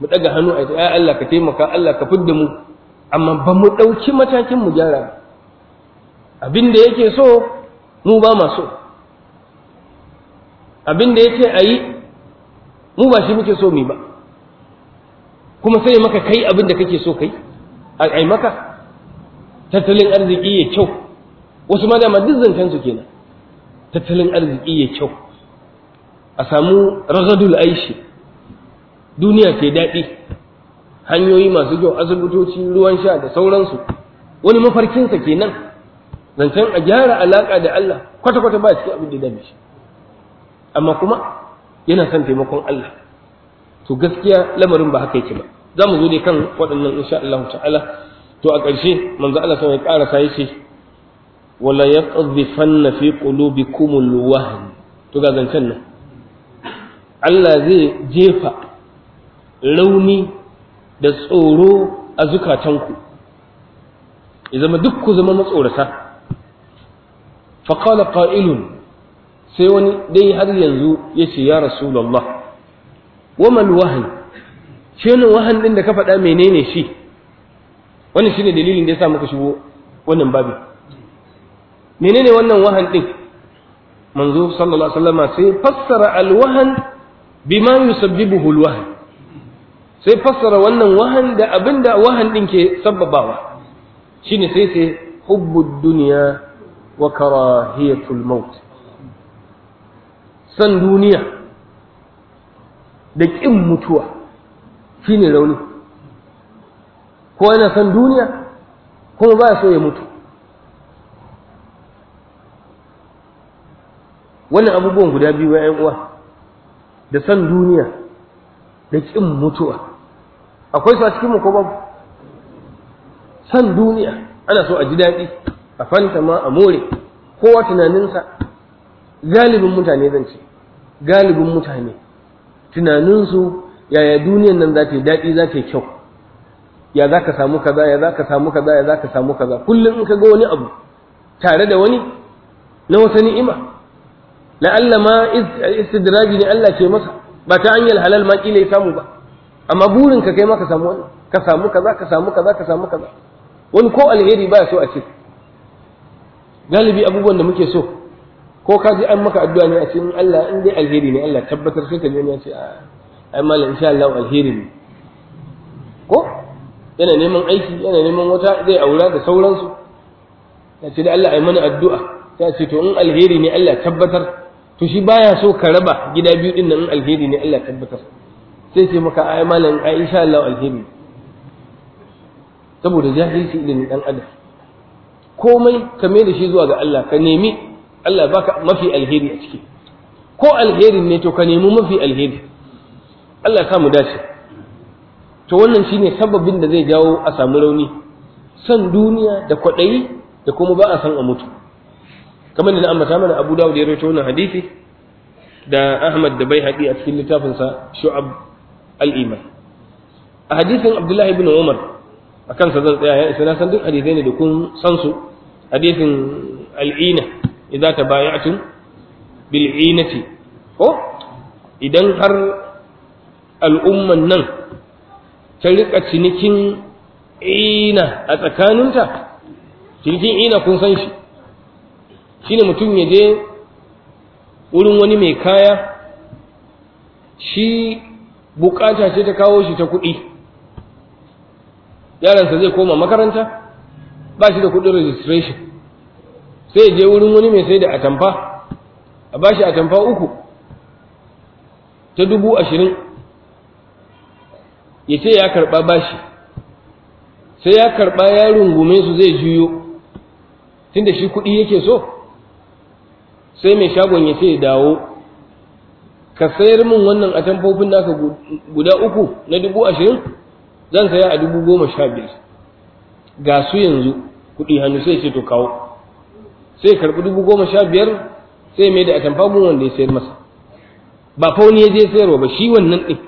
mu ɗaga hannu a yi ya Allah ka taimaka Allah ka fidda mu amma ba mu ɗauki matakin mu gyara abin da yake so mu ba ma so abin da yake a yi mu ba shi muke so mu ba kuma sai maka kai abin da kake so kai a maka tattalin arziki ya kyau wasu ma dama duk zancen su kenan tattalin arziki ya kyau a samu ragadul aishi duniya ke daɗi hanyoyi masu kyau asibitoci ruwan sha da sauransu wani mafarkinsa kenan zancen a gyara alaƙa da Allah kwata-kwata ba cikin abin da dame shi amma kuma yana son taimakon Allah to gaskiya lamarin ba haka yake ba za mu zo ne kan waɗannan insha Allah ta'ala to a ƙarshe manzo Allah sai ya ƙara sai ce wala yaqdhifanna fi qulubikum alwahn to ga zancen nan Allah zai jefa rauni da tsoro a zukatanku ya zama duk ku zama matsorata faƙala ƙa'ilun sai wani dai har yanzu ya ce ya rasulallah wamal wahan shi wani wahan ɗin da ka faɗa menene shi wannan shi dalilin da ya sa muka shigo wannan babin menene wannan wahan ɗin manzo sallallahu alaihi wasallama sai fassara alwahan bima yusabbibuhu alwahan sai fassara wannan wahan da abinda wahan ɗin ke sabbabawa shine sai sai hubbud duniya wa karahiyatul maut san duniya da ƙin mutuwa shine rauni ko yana san duniya kuma ba so ya mutu wannan abubuwan guda biyu ya uwa da san duniya da ƙin mutuwa akwai su a cikinmu ko babu san duniya ana so a ji daɗi a fanta ma a more kowa tunaninsa galibin mutane zan ce galibin mutane tunaninsu yaya duniyan nan za ta yi daɗi za ta yi kyau ya za ka samu kaza ya za ka samu kaza ya za ka samu kaza kullum in ka ga wani abu tare da wani na wata ni'ima la'alla ma istidraji ne Allah ke masa ba ta hanyar halal ma kila ya samu ba amma burin ka kai ma ka samu wani ka samu kaza ka samu kaza ka samu kaza wani ko alheri ba so a ciki galibi abubuwan da muke so ko ka ji an maka addu'a ne a ce in Allah in dai alheri ne Allah tabbatar sai ka ji ya ce a ah, ai mallam insha Allah alheri ne ko yana neman aiki yana neman wata zai aura da sauransu ya ce da Allah ai mana addu'a ta ce to in alheri ne Allah tabbatar to shi baya so ka raba gida biyu din nan in alheri ne Allah tabbatar sai ce maka ai mallam ai insha Allah alheri saboda jahilci ilimin dan adam komai ka mai da shi zuwa ga Allah ka nemi Allah baka mafi alheri a ciki ko alherin ne to ka nemi mafi alheri Allah ka mu dace to wannan shine sababin da zai jawo a samu rauni san duniya da kwaɗayi da kuma ba a san a mutu kamar da na mana Abu Dawud ya rawaito wannan hadisi da Ahmad da Baihaqi a cikin littafinsa Shu'ab al-Iman a hadisin Abdullahi ibn Umar akan sa zan tsaya ya isa na san duk hadisai ne da kun san su hadisin al'ina idza tabaya'tum bil inati ko idan har al'umman nan ta rika cinikin ina a tsakaninta cinikin ina kun san shi shine mutum ya je wurin wani mai kaya shi bukata ce ta kawo shi ta kuɗi sa zai koma makaranta ba shi da kudin registration sai je wurin wani mai sai da atamfa a ba shi atamfa uku ta dubu ashirin ya ce ya karɓa bashi sai ya karɓa ya rungume su zai juyo tun da shi kuɗi yake so sai mai shagon ya ce dawo ka sayar min wannan atamfofin naka guda uku na dubu ashirin zan saya a dubu goma sha biyar ga su yanzu kuɗi hannu sai ce to kawo sai karɓi dubu goma sha biyar sai mai da atamfa gun wanda ya sayar masa ba fauni ya je sayarwa ba shi wannan ɗin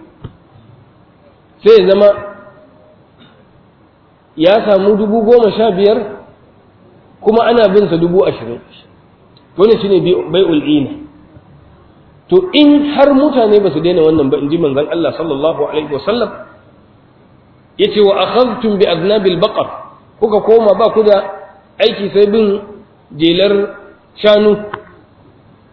sai ya zama ya samu dubu goma sha biyar kuma ana bin sa dubu ashirin wani shine bai ul'ina to in har mutane ba su daina wannan ba in ji manzan Allah sallallahu alaihi wasallam ce wa akhadhtum bi aznabil baqar kuka koma ba ku da aiki sai bin jelar shanu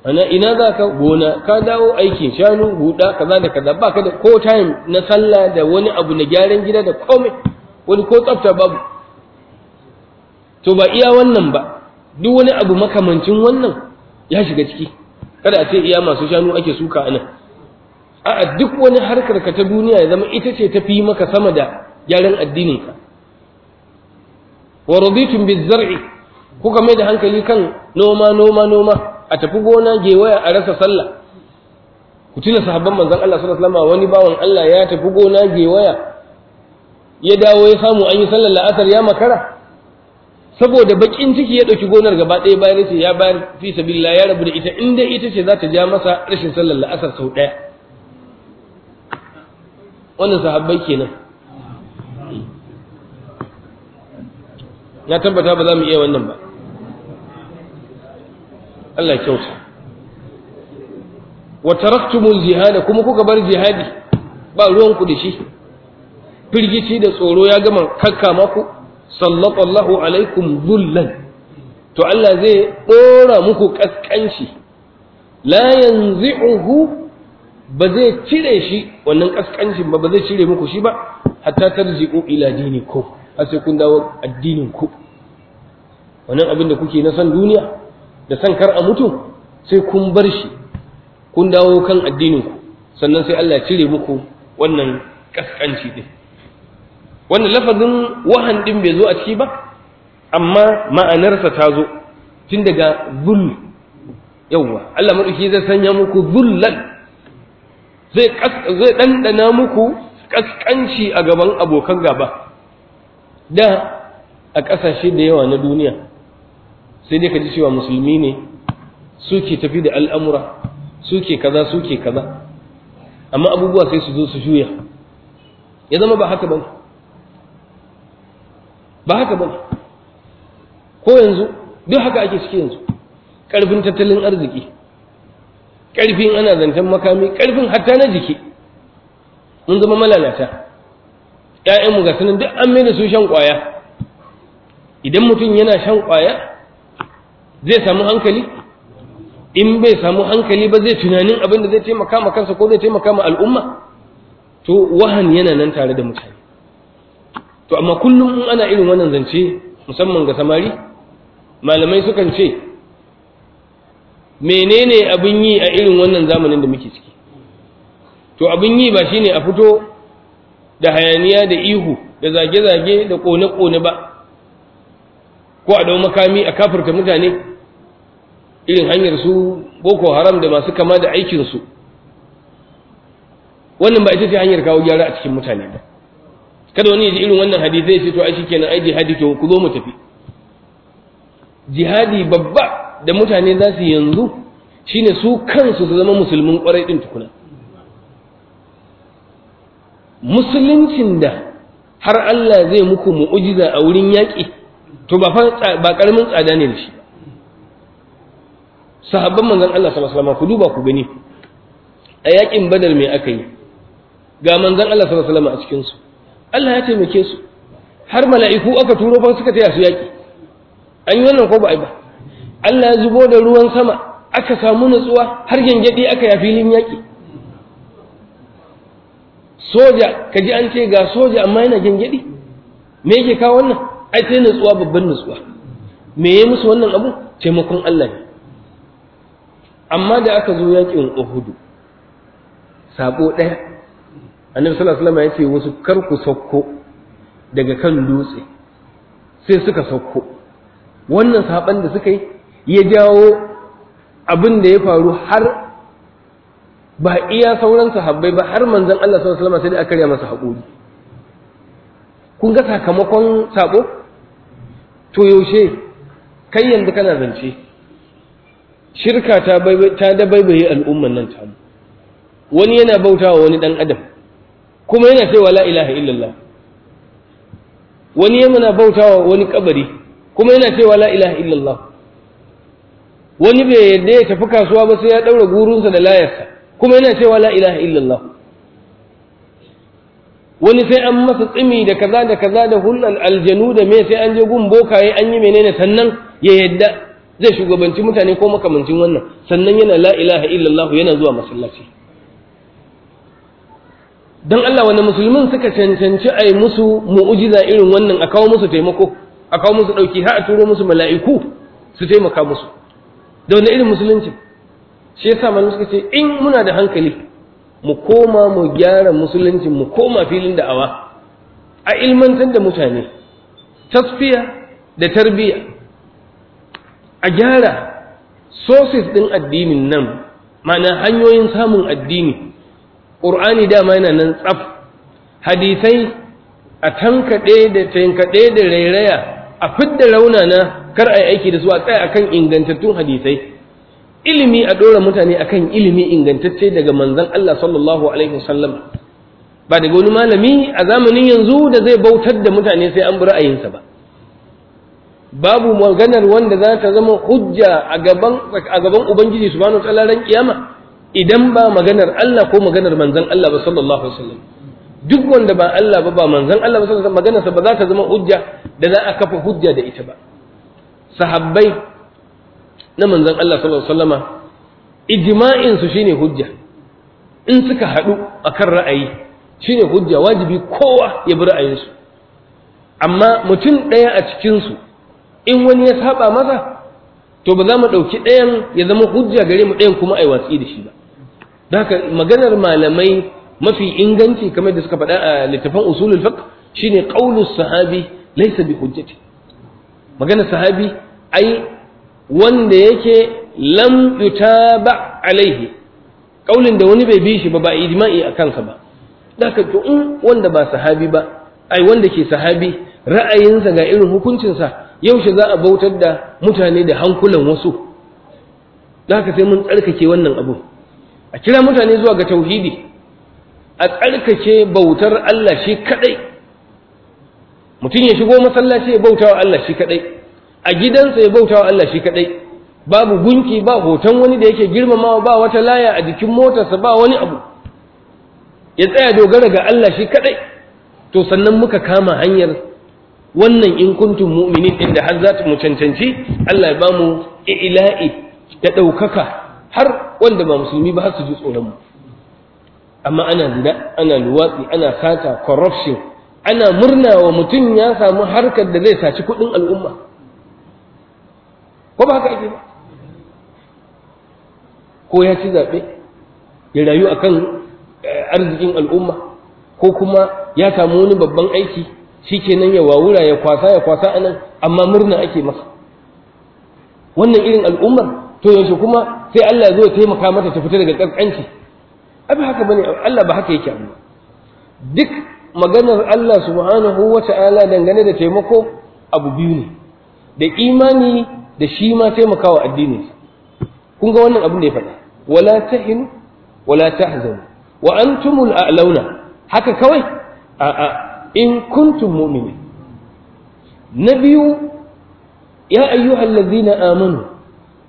ana ina za ka gona ka dawo aikin shanu buɗa kaza da kaza ba ka da ko time na sallah da wani abu na gyaran gida da komai wani ko tsafta babu to ba iya wannan ba duk wani abu makamancin wannan ya shiga ciki kada a ce iya masu shanu ake suka anan a'a duk wani harkar ka ta duniya ya zama ita ce ta fi maka sama da gyaran addinin ka wa raditum bizar'i kuka mai da hankali kan noma noma noma a tafi gona gewaya a rasa sallah ku tuna sahabban manzon Allah sallallahu alaihi wasallam wani bawan Allah ya tafi gona gewaya ya dawo ya samu an yi sallar la'asar ya makara saboda bakin ciki ya dauki gonar gaba ɗaya bayan yace ya bayar fi sabilillah ya rabu da ita in dai ita ce za ta ja masa rashin sallar la'asar sau ɗaya wannan sahabbai kenan na tabbata ba za mu iya wannan ba Allah kyauta wa taraktumul jihad kuma kuka bar jihadi ba ruwan ku da firgici da tsoro ya gama kakka maku sallallahu alaikum dhullan to Allah zai dora muku kaskanci la yanzihu ba zai cire shi wannan kaskancin ba ba zai cire muku shi ba hatta tarji'u ila dinikum a sai kun dawo addinin ku wannan abin da kuke na san duniya da san kar a mutu sai kun bar shi kun dawo kan addinin ku sannan sai Allah cire muku wannan kaskanci din wannan lafazin wahan din bai zo a ciki ba amma ma'anarsa ta zo tun daga zul yawwa Allah madauki zai sanya muku zullan zai zai dandana muku kaskanci a gaban abokan gaba da a ƙasashe da yawa na duniya sai dai ka ji cewa musulmi ne suke tafi da al'amura suke kaza suke kaza amma abubuwa sai su zo su juya ya zama ba haka bane ba haka bane ko yanzu duk haka ake cike yanzu ƙarfin tattalin arziki ƙarfin ana zancen makami ƙarfin hatta na jiki mun zama malalata Ya'yan mu ga sunan duk an mai da su shan ƙwaya idan mutum yana shan ƙwaya zai samu hankali in bai samu hankali ba zai tunanin abin da zai taimaka ma kansa ko zai taimaka ma al'umma to wahan yana nan tare da mutane to amma kullum in ana irin wannan zance musamman ga samari malamai sukan ce menene abin yi a irin wannan zamanin da muke ciki to abin yi ba shine a fito da hayaniya da ihu da zage-zage da ƙone-ƙone ba ko a dau makami a kafirta mutane irin hanyar su boko haram da masu kama da aikinsu wannan ba ita ce hanyar kawo gyara a cikin mutane ba kada wani ya ji irin wannan hadisai ce to ai kenan ai jihadi ke ku zo mu tafi jihadi babba da mutane za su yanzu shine su kansu su zama musulmin kwarai din tukuna musuluncin da har Allah zai muku mu'ujiza a wurin yaƙi to ba ba karamin tsada ne da shi sahabban manzon Allah sallallahu alaihi wasallam ku duba ku gani a yaƙin badar me aka yi ga manzon Allah sallallahu alaihi wasallam a cikin su Allah ya taimake su har mala'iku aka turo fa suka taya su yaƙi an yi wannan ko ba ai ba Allah ya zubo da ruwan sama aka samu nutsuwa har gengedi aka ya filin yaƙi soja ka ji an ce ga soja amma yana gyangyaɗi me yake kawo wannan ai sai nutsuwa babban nutsuwa me ya musu wannan abu taimakon Allah ne amma da aka zo yakin Uhudu sabo ɗaya annabi sallallahu alaihi wasallam ya ce wasu kar ku sauko daga kan dutse sai suka sauko wannan saban da suka yi ya jawo abin da ya faru har ba iya sauran sahabbai ba har manzon Allah sallallahu alaihi wasallam sai da aka masa haƙuri kun ga sakamakon sako to yaushe kai yanzu kana zance shirka ta ta da baibaye al'umman nan ta. wani yana bautawa wani dan adam kuma yana cewa la ilaha illallah wani yana bautawa wani kabari kuma yana cewa la ilaha illallah wani bai yadda ya tafi kasuwa ba sai ya daura gurunsa da layarsa kuma yana cewa la ilaha illallah wani sai an masa tsimi da kaza da kaza da hulal aljanu da me sai an je gun bokaye an yi menene sannan ya yadda zai shugabanci mutane ko makamancin wannan sannan yana la ilaha illallah yana zuwa masallaci dan Allah wannan musulmin suka cancanci a musu mu'ujiza irin wannan a kawo musu taimako a kawo musu ɗauki har a turo musu mala'iku su taimaka musu da wani irin musulunci shi yasa malamu suka ce in muna da hankali mu koma mu gyara musulunci mu koma filin da'awa a ilmantar da mutane tasfiya da tarbiyya a gyara sources din addinin nan ma'ana hanyoyin samun addini ƙur'ani dama yana nan tsaf hadisai a tankaɗe da tankaɗe da rairaya a fidda raunana kar a yi aiki da su a tsaya akan ingantattun hadisai ilimi a dora mutane a kan ilimi ingantacce daga manzan Allah sallallahu alaihi wasallam ba daga wani malami a zamanin yanzu da zai bautar da mutane sai an bi ra'ayinsa ba babu maganar wanda za ta zama hujja a gaban ubangiji su wa tsallaren kiyama idan ba maganar Allah ko maganar manzan Allah ba sallallahu alaihi wasallam duk wanda ba Allah ba ba manzan Allah ba sallallahu alaihi wasallam maganarsa ba za ta zama hujja da za a kafa hujja da ita ba sahabbai na manzan Allah sallallahu alaihi wasallama ijma'in su shine hujja in suka haɗu akan ra'ayi shine hujja wajibi kowa ya bi ra'ayinsu amma mutum ɗaya a cikinsu in wani ya saba masa to ba za mu ɗauki ɗayan ya zama hujja gare mu ɗayan kuma a watsi da shi ba haka maganar malamai mafi inganci kamar da suka faɗa a littafin usulul fiqh shine qaulus sahabi laysa bi hujjati maganar sahabi ai wanda yake lam yutaba alaihi kaulin da wani bai bi shi ba ba ijma'i a kanka ba daga to in wanda ba sahabi ba ai wanda ke sahabi ra'ayinsa ga irin hukuncinsa yaushe za a bautar da mutane da hankulan wasu daga sai mun tsarkake wannan abu a kira mutane zuwa ga tauhidi a tsarkake bautar Allah shi kadai mutum ya shigo masallaci ya bauta wa Allah shi kadai a gidansa ya bauta wa Allah shi kaɗai, babu gunki ba hoton wani da yake girmamawa ba wata laya a jikin motarsa ba wani abu ya tsaya dogara ga Allah shi kaɗai, to sannan muka kama hanyar wannan in kuntum mu'minin din da har za mu cancanci Allah ya ba mu ila'i da ɗaukaka har wanda ba musulmi ba su ji tsoron mu amma ana ana luwatsi ana sata corruption ana murna wa mutum ya samu harkar da zai saci kuɗin al'umma ko ba haka ake ba ko ya ci zaɓe ya rayu a kan eh, arzikin al'umma ko kuma ya samu wani babban aiki shi kenan ya wawura ya kwasa ya kwasa a nan amma murna ake masa wannan irin al'ummar to yaushe kuma sai Allah ya zo taimaka mata ta fita daga ƙasƙanci abin haka bane Allah ba haka yake amma duk maganar Allah subhanahu wa ta'ala dangane da taimako abu biyu ne da imani da shi ma taimakawa addinin kun ga wannan abin da ya faɗa wala tahin, wala tahzanu wa antumul a'launa haka kawai a'a in kuntum mu'minin na biyu ya ayyuhal ladzina amanu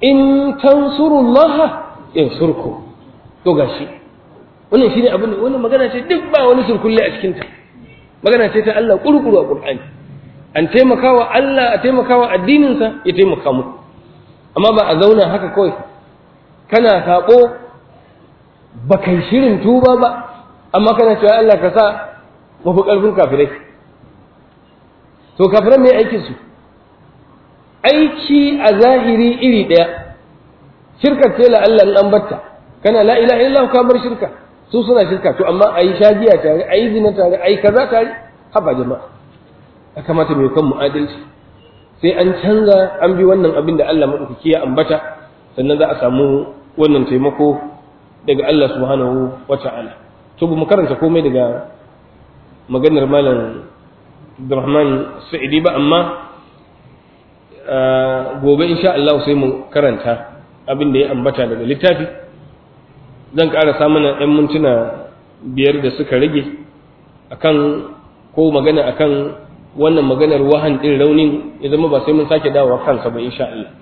in tansurullaha yansurku to gashi wannan shine abin wannan magana ce duk ba wani surkulle a cikin ta magana ce ta Allah kurkuru a Qur'ani an taimakawa Allah a taimakawa addininsa ya taimaka mu amma ba a zauna haka kawai kana saɓo ba kai shirin tuba ba amma kana cewa Allah ka sa mafi ƙarfin kafirai to kafirai mai aikinsu
aiki a
zahiri iri ɗaya shirka ce la Allah in an batta kana la ilaha illallah ka bar shirka su suna shirka to amma ayi shagiya tare ayi zina tare ayi kaza tare haba jama'a ya kamata mai kan mu'adalci sai an canza an bi wannan abin da Allah maɗaukaki ya ambata sannan za a samu wannan taimako daga Allah subhanahu wa ta'ala to mu karanta komai daga maganar malam Abdurrahman Sa'idi ba amma gobe insha Allah sai mu karanta abin da ya ambata daga littafi zan ƙara mana 'yan mintuna biyar da suka rage akan ko magana akan wannan maganar wahan ɗin raunin ya zama ba sai mun sake dawowa kansa ba insha Allah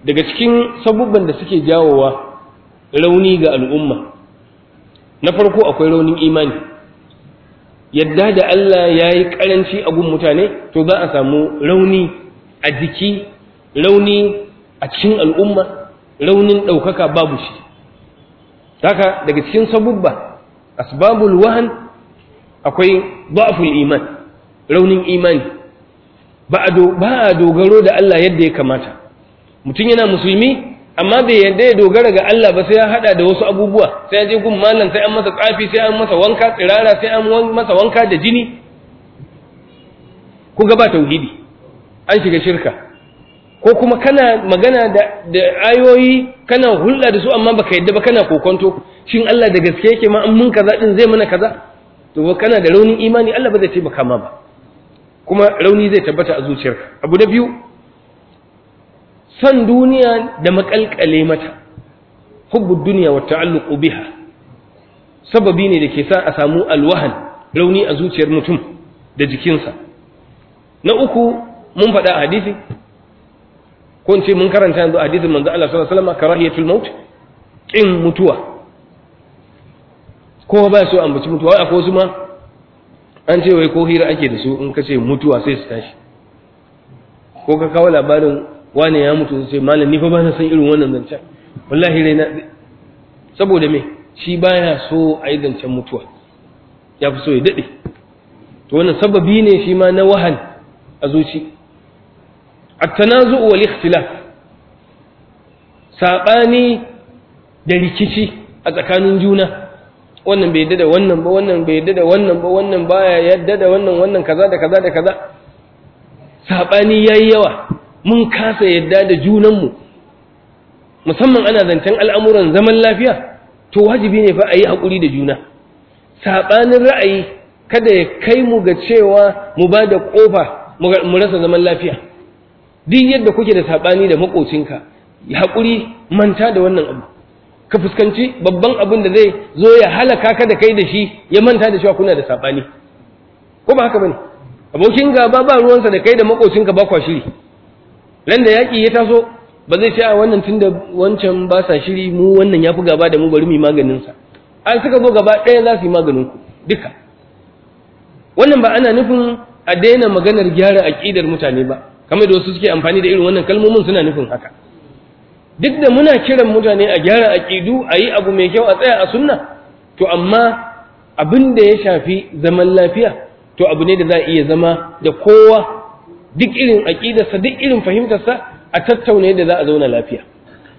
daga cikin sabubban da suke jawowa rauni ga al'umma na farko akwai raunin imani yadda da Allah ya yi ƙaranci a gun mutane to za a samu rauni a jiki rauni a cikin al'umma raunin ɗaukaka babu shi haka daga cikin sabubba asbabul wahan akwai ba'aful iman raunin imani ba a dogaro da Allah yadda ya kamata mutum yana musulmi amma bai yadda ya dogara ga Allah ba sai ya hada da wasu abubuwa sai ya je gun malam sai an masa tsafi sai an masa wanka tsirara sai an masa wanka da jini ku ba tauhidi an shiga shirka ko kuma kana magana da, ayoyi kana hulɗa da su amma baka yadda ba kana kokonto shin Allah da gaske yake ma an mun kaza din zai mana kaza to kana da raunin imani Allah ba zai taimaka ma ba kuma rauni zai tabbata a zuciyarka abu na biyu san duniya da makalkale mata hubbud duniya wa ta'alluqu biha sababi ne da ke sa a samu alwahan rauni a zuciyar mutum da jikinsa na uku mun faɗa a hadisi ko in ce mun karanta yanzu a hadisin manzo Allah sallallahu alaihi wasallam karahiyatul maut kin mutuwa Ko ba so ambaci mutuwa ko zuma ma an ce wai ko hira ake da su in ka ce mutuwa sai su tashi ko ka kawo labarin wane ya mutu sai malam ni fa ba na san irin wannan zancen wallahi raina saboda me shi baya so a yi zancen mutuwa ya fi so ya daɗe to wannan sababi ne shi ma na wahan a zuci at-tanazu'u wal ikhtilaf sabani da rikici a tsakanin juna wannan bai yadda da wannan ba wannan bai yadda da wannan ba wannan baya yadda da wannan wannan kaza da kaza da kaza sabani yayi yawa mun kasa yadda da junanmu musamman ana zancen al'amuran zaman lafiya to wajibi ne fa a yi da juna saɓanin ra'ayi kada ya kai mu ga cewa mu ba da ƙofa mu rasa zaman lafiya duk yadda kuke da saɓani da maƙocinka hakuri manta da wannan abu ka fuskanci babban abin da zai zo ya halaka ka da kai da shi ya manta da cewa kuna da sabani ko ba haka bane abokin gaba ba ruwansa da kai da ka ba kwa shiri ran da yaki ya taso ba zai ce a wannan tunda wancan ba sa shiri mu wannan yafi gaba da mu bari mu yi maganin an suka zo gaba ɗaya za su yi maganin ku duka wannan ba ana nufin a daina maganar gyara aƙidar mutane ba kamar da wasu suke amfani da irin wannan kalmomin suna nufin haka duk da muna kiran mutane a gyara aƙidu a yi abu mai kyau a tsaya a sunna to amma abin da ya shafi zaman lafiya to abu ne da za a iya zama da kowa duk irin aƙidarsa duk irin fahimtarsa a tattauna da za a zauna lafiya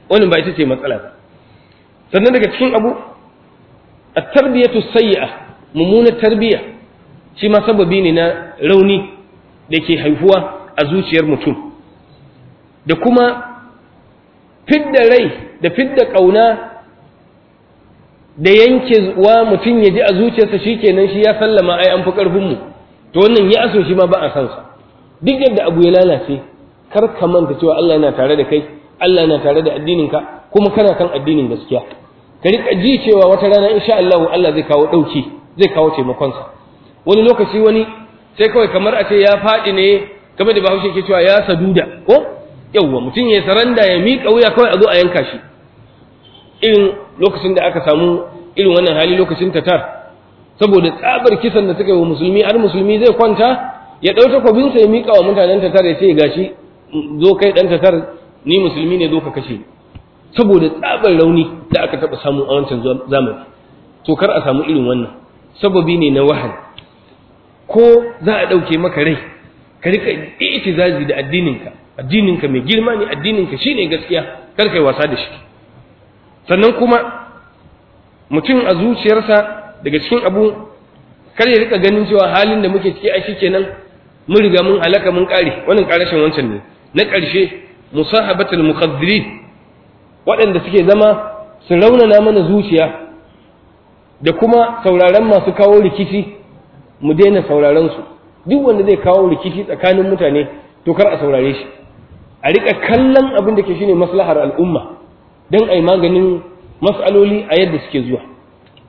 wannan ba ita ce matsala ba sannan daga cikin abu a tarbiyatu sayyi'a mummunar tarbiyya shi ma sababi ne na rauni da ke haifuwa a zuciyar mutum da kuma fidda rai da fidda ƙauna da yanke wa mutum ya ji a zuciyarsa shi kenan shi ya sallama ai an fi ƙarfinmu to wannan ya aso shi ma ba a sansa. duk yadda abu ya lalace kar ka manta cewa Allah yana tare da kai Allah yana tare da addininka kuma kana kan addinin gaskiya ka riƙa ji cewa wata rana insha Allah Allah zai kawo ɗauki zai kawo taimakonsa wani lokaci wani sai kawai kamar a ce ya faɗi ne game da bahaushe ke cewa ya saduda ko yawwa mutum ya saranda ya miƙa wuya kawai a zo a yanka shi irin lokacin da aka samu irin wannan hali lokacin tatar saboda tsabar kisan da suka yi wa musulmi har musulmi zai kwanta ya ɗau takwabinsa ya miƙa wa mutanen tatar ya ce ga shi zo kai ɗan tatar ni musulmi ne zo ka kashe saboda tsabar rauni da aka taɓa samu a wancan zamani to kar a samu irin wannan sababi ne na wahan ko za a ɗauke maka rai ka rika itizazi da addininka addininka mai girma ne addininka shi ne gaskiya kar kai wasa da shi sannan kuma mutum a zuciyarsa daga cikin abu kar ya rika ganin cewa halin da muke ciki a shi kenan mun riga mun halaka mun kare wannan karashin wancan ne na ƙarshe musahabatul muqaddirin waɗanda suke zama su raunana mana zuciya da kuma sauraron masu kawo rikici mu daina sauraron su duk wanda zai kawo rikici tsakanin mutane to kar a saurare shi a rika kallon abin da ke shine maslahar al'umma don a yi maganin matsaloli a yadda suke zuwa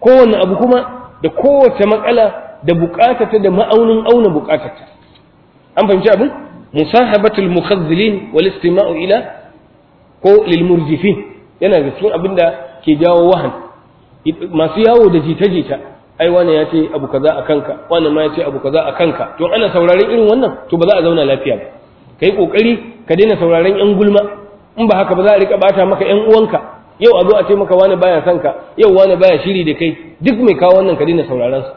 kowane abu kuma da kowace matsala da bukatata da ma'aunin auna bukatata an fahimci abin musahabatul mukhazzilin wal istima'u ila ko lil murjifin yana da cikin abin da ke jawo wahan masu yawo da jita-jita ai wani ya ce abu kaza a kanka wani ma ya ce abu kaza a kanka to ana sauraron irin wannan to ba za a zauna lafiya ba ka yi ƙoƙari ka daina sauraren 'yan gulma in ba haka ba za a riƙa bata maka 'yan uwanka yau a zo a ce maka wani baya son ka yau wani baya shiri da kai duk mai kawo wannan ka daina sauraren su.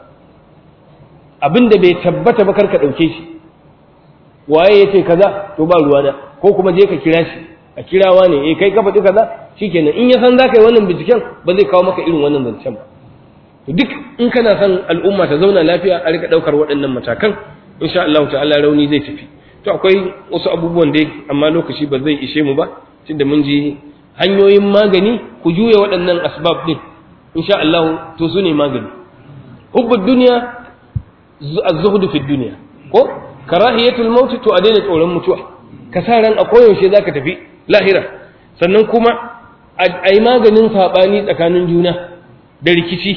abin da bai tabbata ba kar ka ɗauke shi waye ya ce kaza to ba ruwa na ko kuma je ka kira shi a kirawa ne eh kai ka faɗi kaza shikenan in ya san za ka yi wannan binciken ba zai kawo maka irin wannan zancen ba to duk in kana son al'umma ta zauna lafiya a rika ɗaukar waɗannan matakan insha Allah ta'ala rauni zai tafi to akwai wasu abubuwan dai amma lokaci ba zai ishe mu ba tunda mun ji hanyoyin magani ku juya waɗannan asbab din insha Allah to su ne magani hubbud dunya az-zuhd fi dunya ko karahiyatul maut to a daina tsoron mutuwa ka sa ran a koyaushe zaka tafi lahira sannan kuma a maganin saɓani tsakanin juna da rikici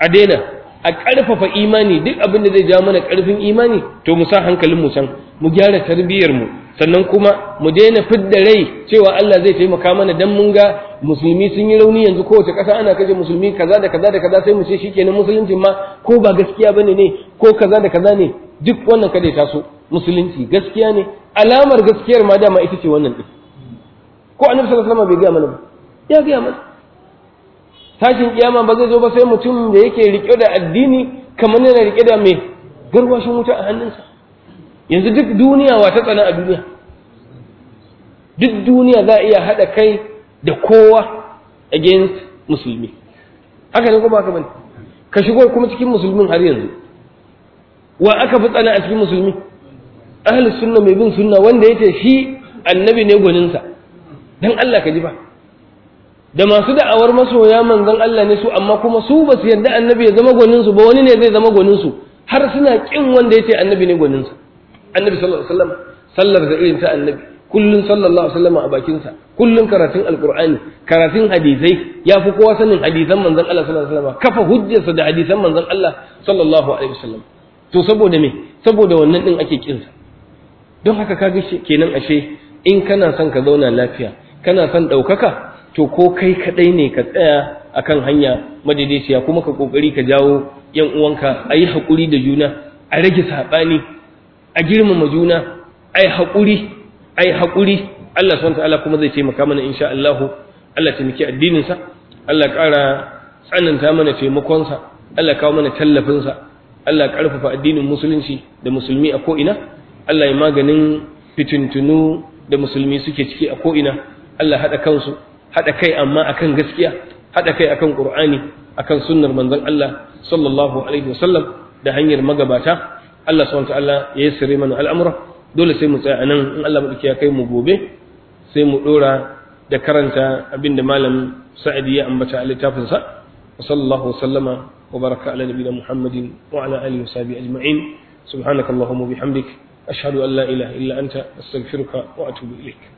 a daina a ƙarfafa imani duk abin da zai ja mana ƙarfin imani to mu sa hankalin mu san mu gyara tarbiyyar mu sannan kuma mu daina fidda rai cewa Allah zai taimaka mana dan mun ga musulmi sun yi rauni yanzu kowace ƙasa ana kaje musulmi kaza da kaza da kaza sai mu ce shikenan musulunci ma ko ba gaskiya bane ne ko kaza da kaza ne duk wannan kada ya taso musulunci gaskiya ne alamar gaskiyar ma dama ita ce wannan din ko annabi sallallahu alaihi wasallam bai ga mana ba ya ga mana tashin kiyama ba zai zo ba sai mutum da yake rike da addini kamar yana rike da mai garwashin wuta a hannunsa yanzu duk duniya wa tsana a duniya duk duniya za a iya haɗa kai da kowa against musulmi haka ne ko ba ka ka shigo kuma cikin musulmin har yanzu wa aka fi tsana a cikin musulmi ahli sunna mai bin sunna wanda yace shi annabi ne gwaninsa dan Allah ka ji ba da masu da'awar masoya manzon Allah ne su amma kuma su ba su yarda annabi ya zama gwaninsu ba wani ne zai zama gwaninsu har suna kin wanda yace annabi ne gwaninsa annabi sallallahu alaihi wasallam sallar da irin ta annabi kullun sallallahu alaihi wasallam a bakinsa kullun karatun alqur'ani karatun hadisai ya fi kowa sanin hadisan manzon Allah sallallahu alaihi wasallam kafa hujjarsa da hadisan manzon Allah sallallahu alaihi wasallam to saboda me saboda wannan din ake kinsa don haka kaga kenan ashe in kana son ka zauna lafiya kana son ɗaukaka to ko kai kaɗai ne ka tsaya a kan hanya madaidaiciya kuma ka ƙoƙari ka jawo yan uwanka a yi haƙuri da juna a rage saɓani a girmama juna ai haƙuri ai haƙuri Allah subhanahu ta'ala kuma zai taimaka mana insha Allah Allah taimaki addinin sa Allah ƙara tsananta mana taimakon sa Allah kawo mana tallafin sa Allah ƙarfafa addinin musulunci da musulmi a ko'ina Allah ya maganin fitintunu da musulmi suke ciki a ko'ina Allah haɗa kansu haɗa kai amma akan gaskiya haɗa kai akan ƙur'ani akan sunnar manzon Allah sallallahu alaihi wasallam da hanyar magabata Allah subhanahu ta'ala ya yassare mana al'amura dole sai mu tsaya anan in Allah mu ya kai mu gobe sai mu dora da karanta abinda malam Sa'idi ya ambata a littafin sa sallallahu wa baraka ala nabiyina Muhammadin wa ala alihi wa sahbihi ajma'in subhanakallahumma bihamdik ashhadu an la ilaha illa anta astaghfiruka wa atubu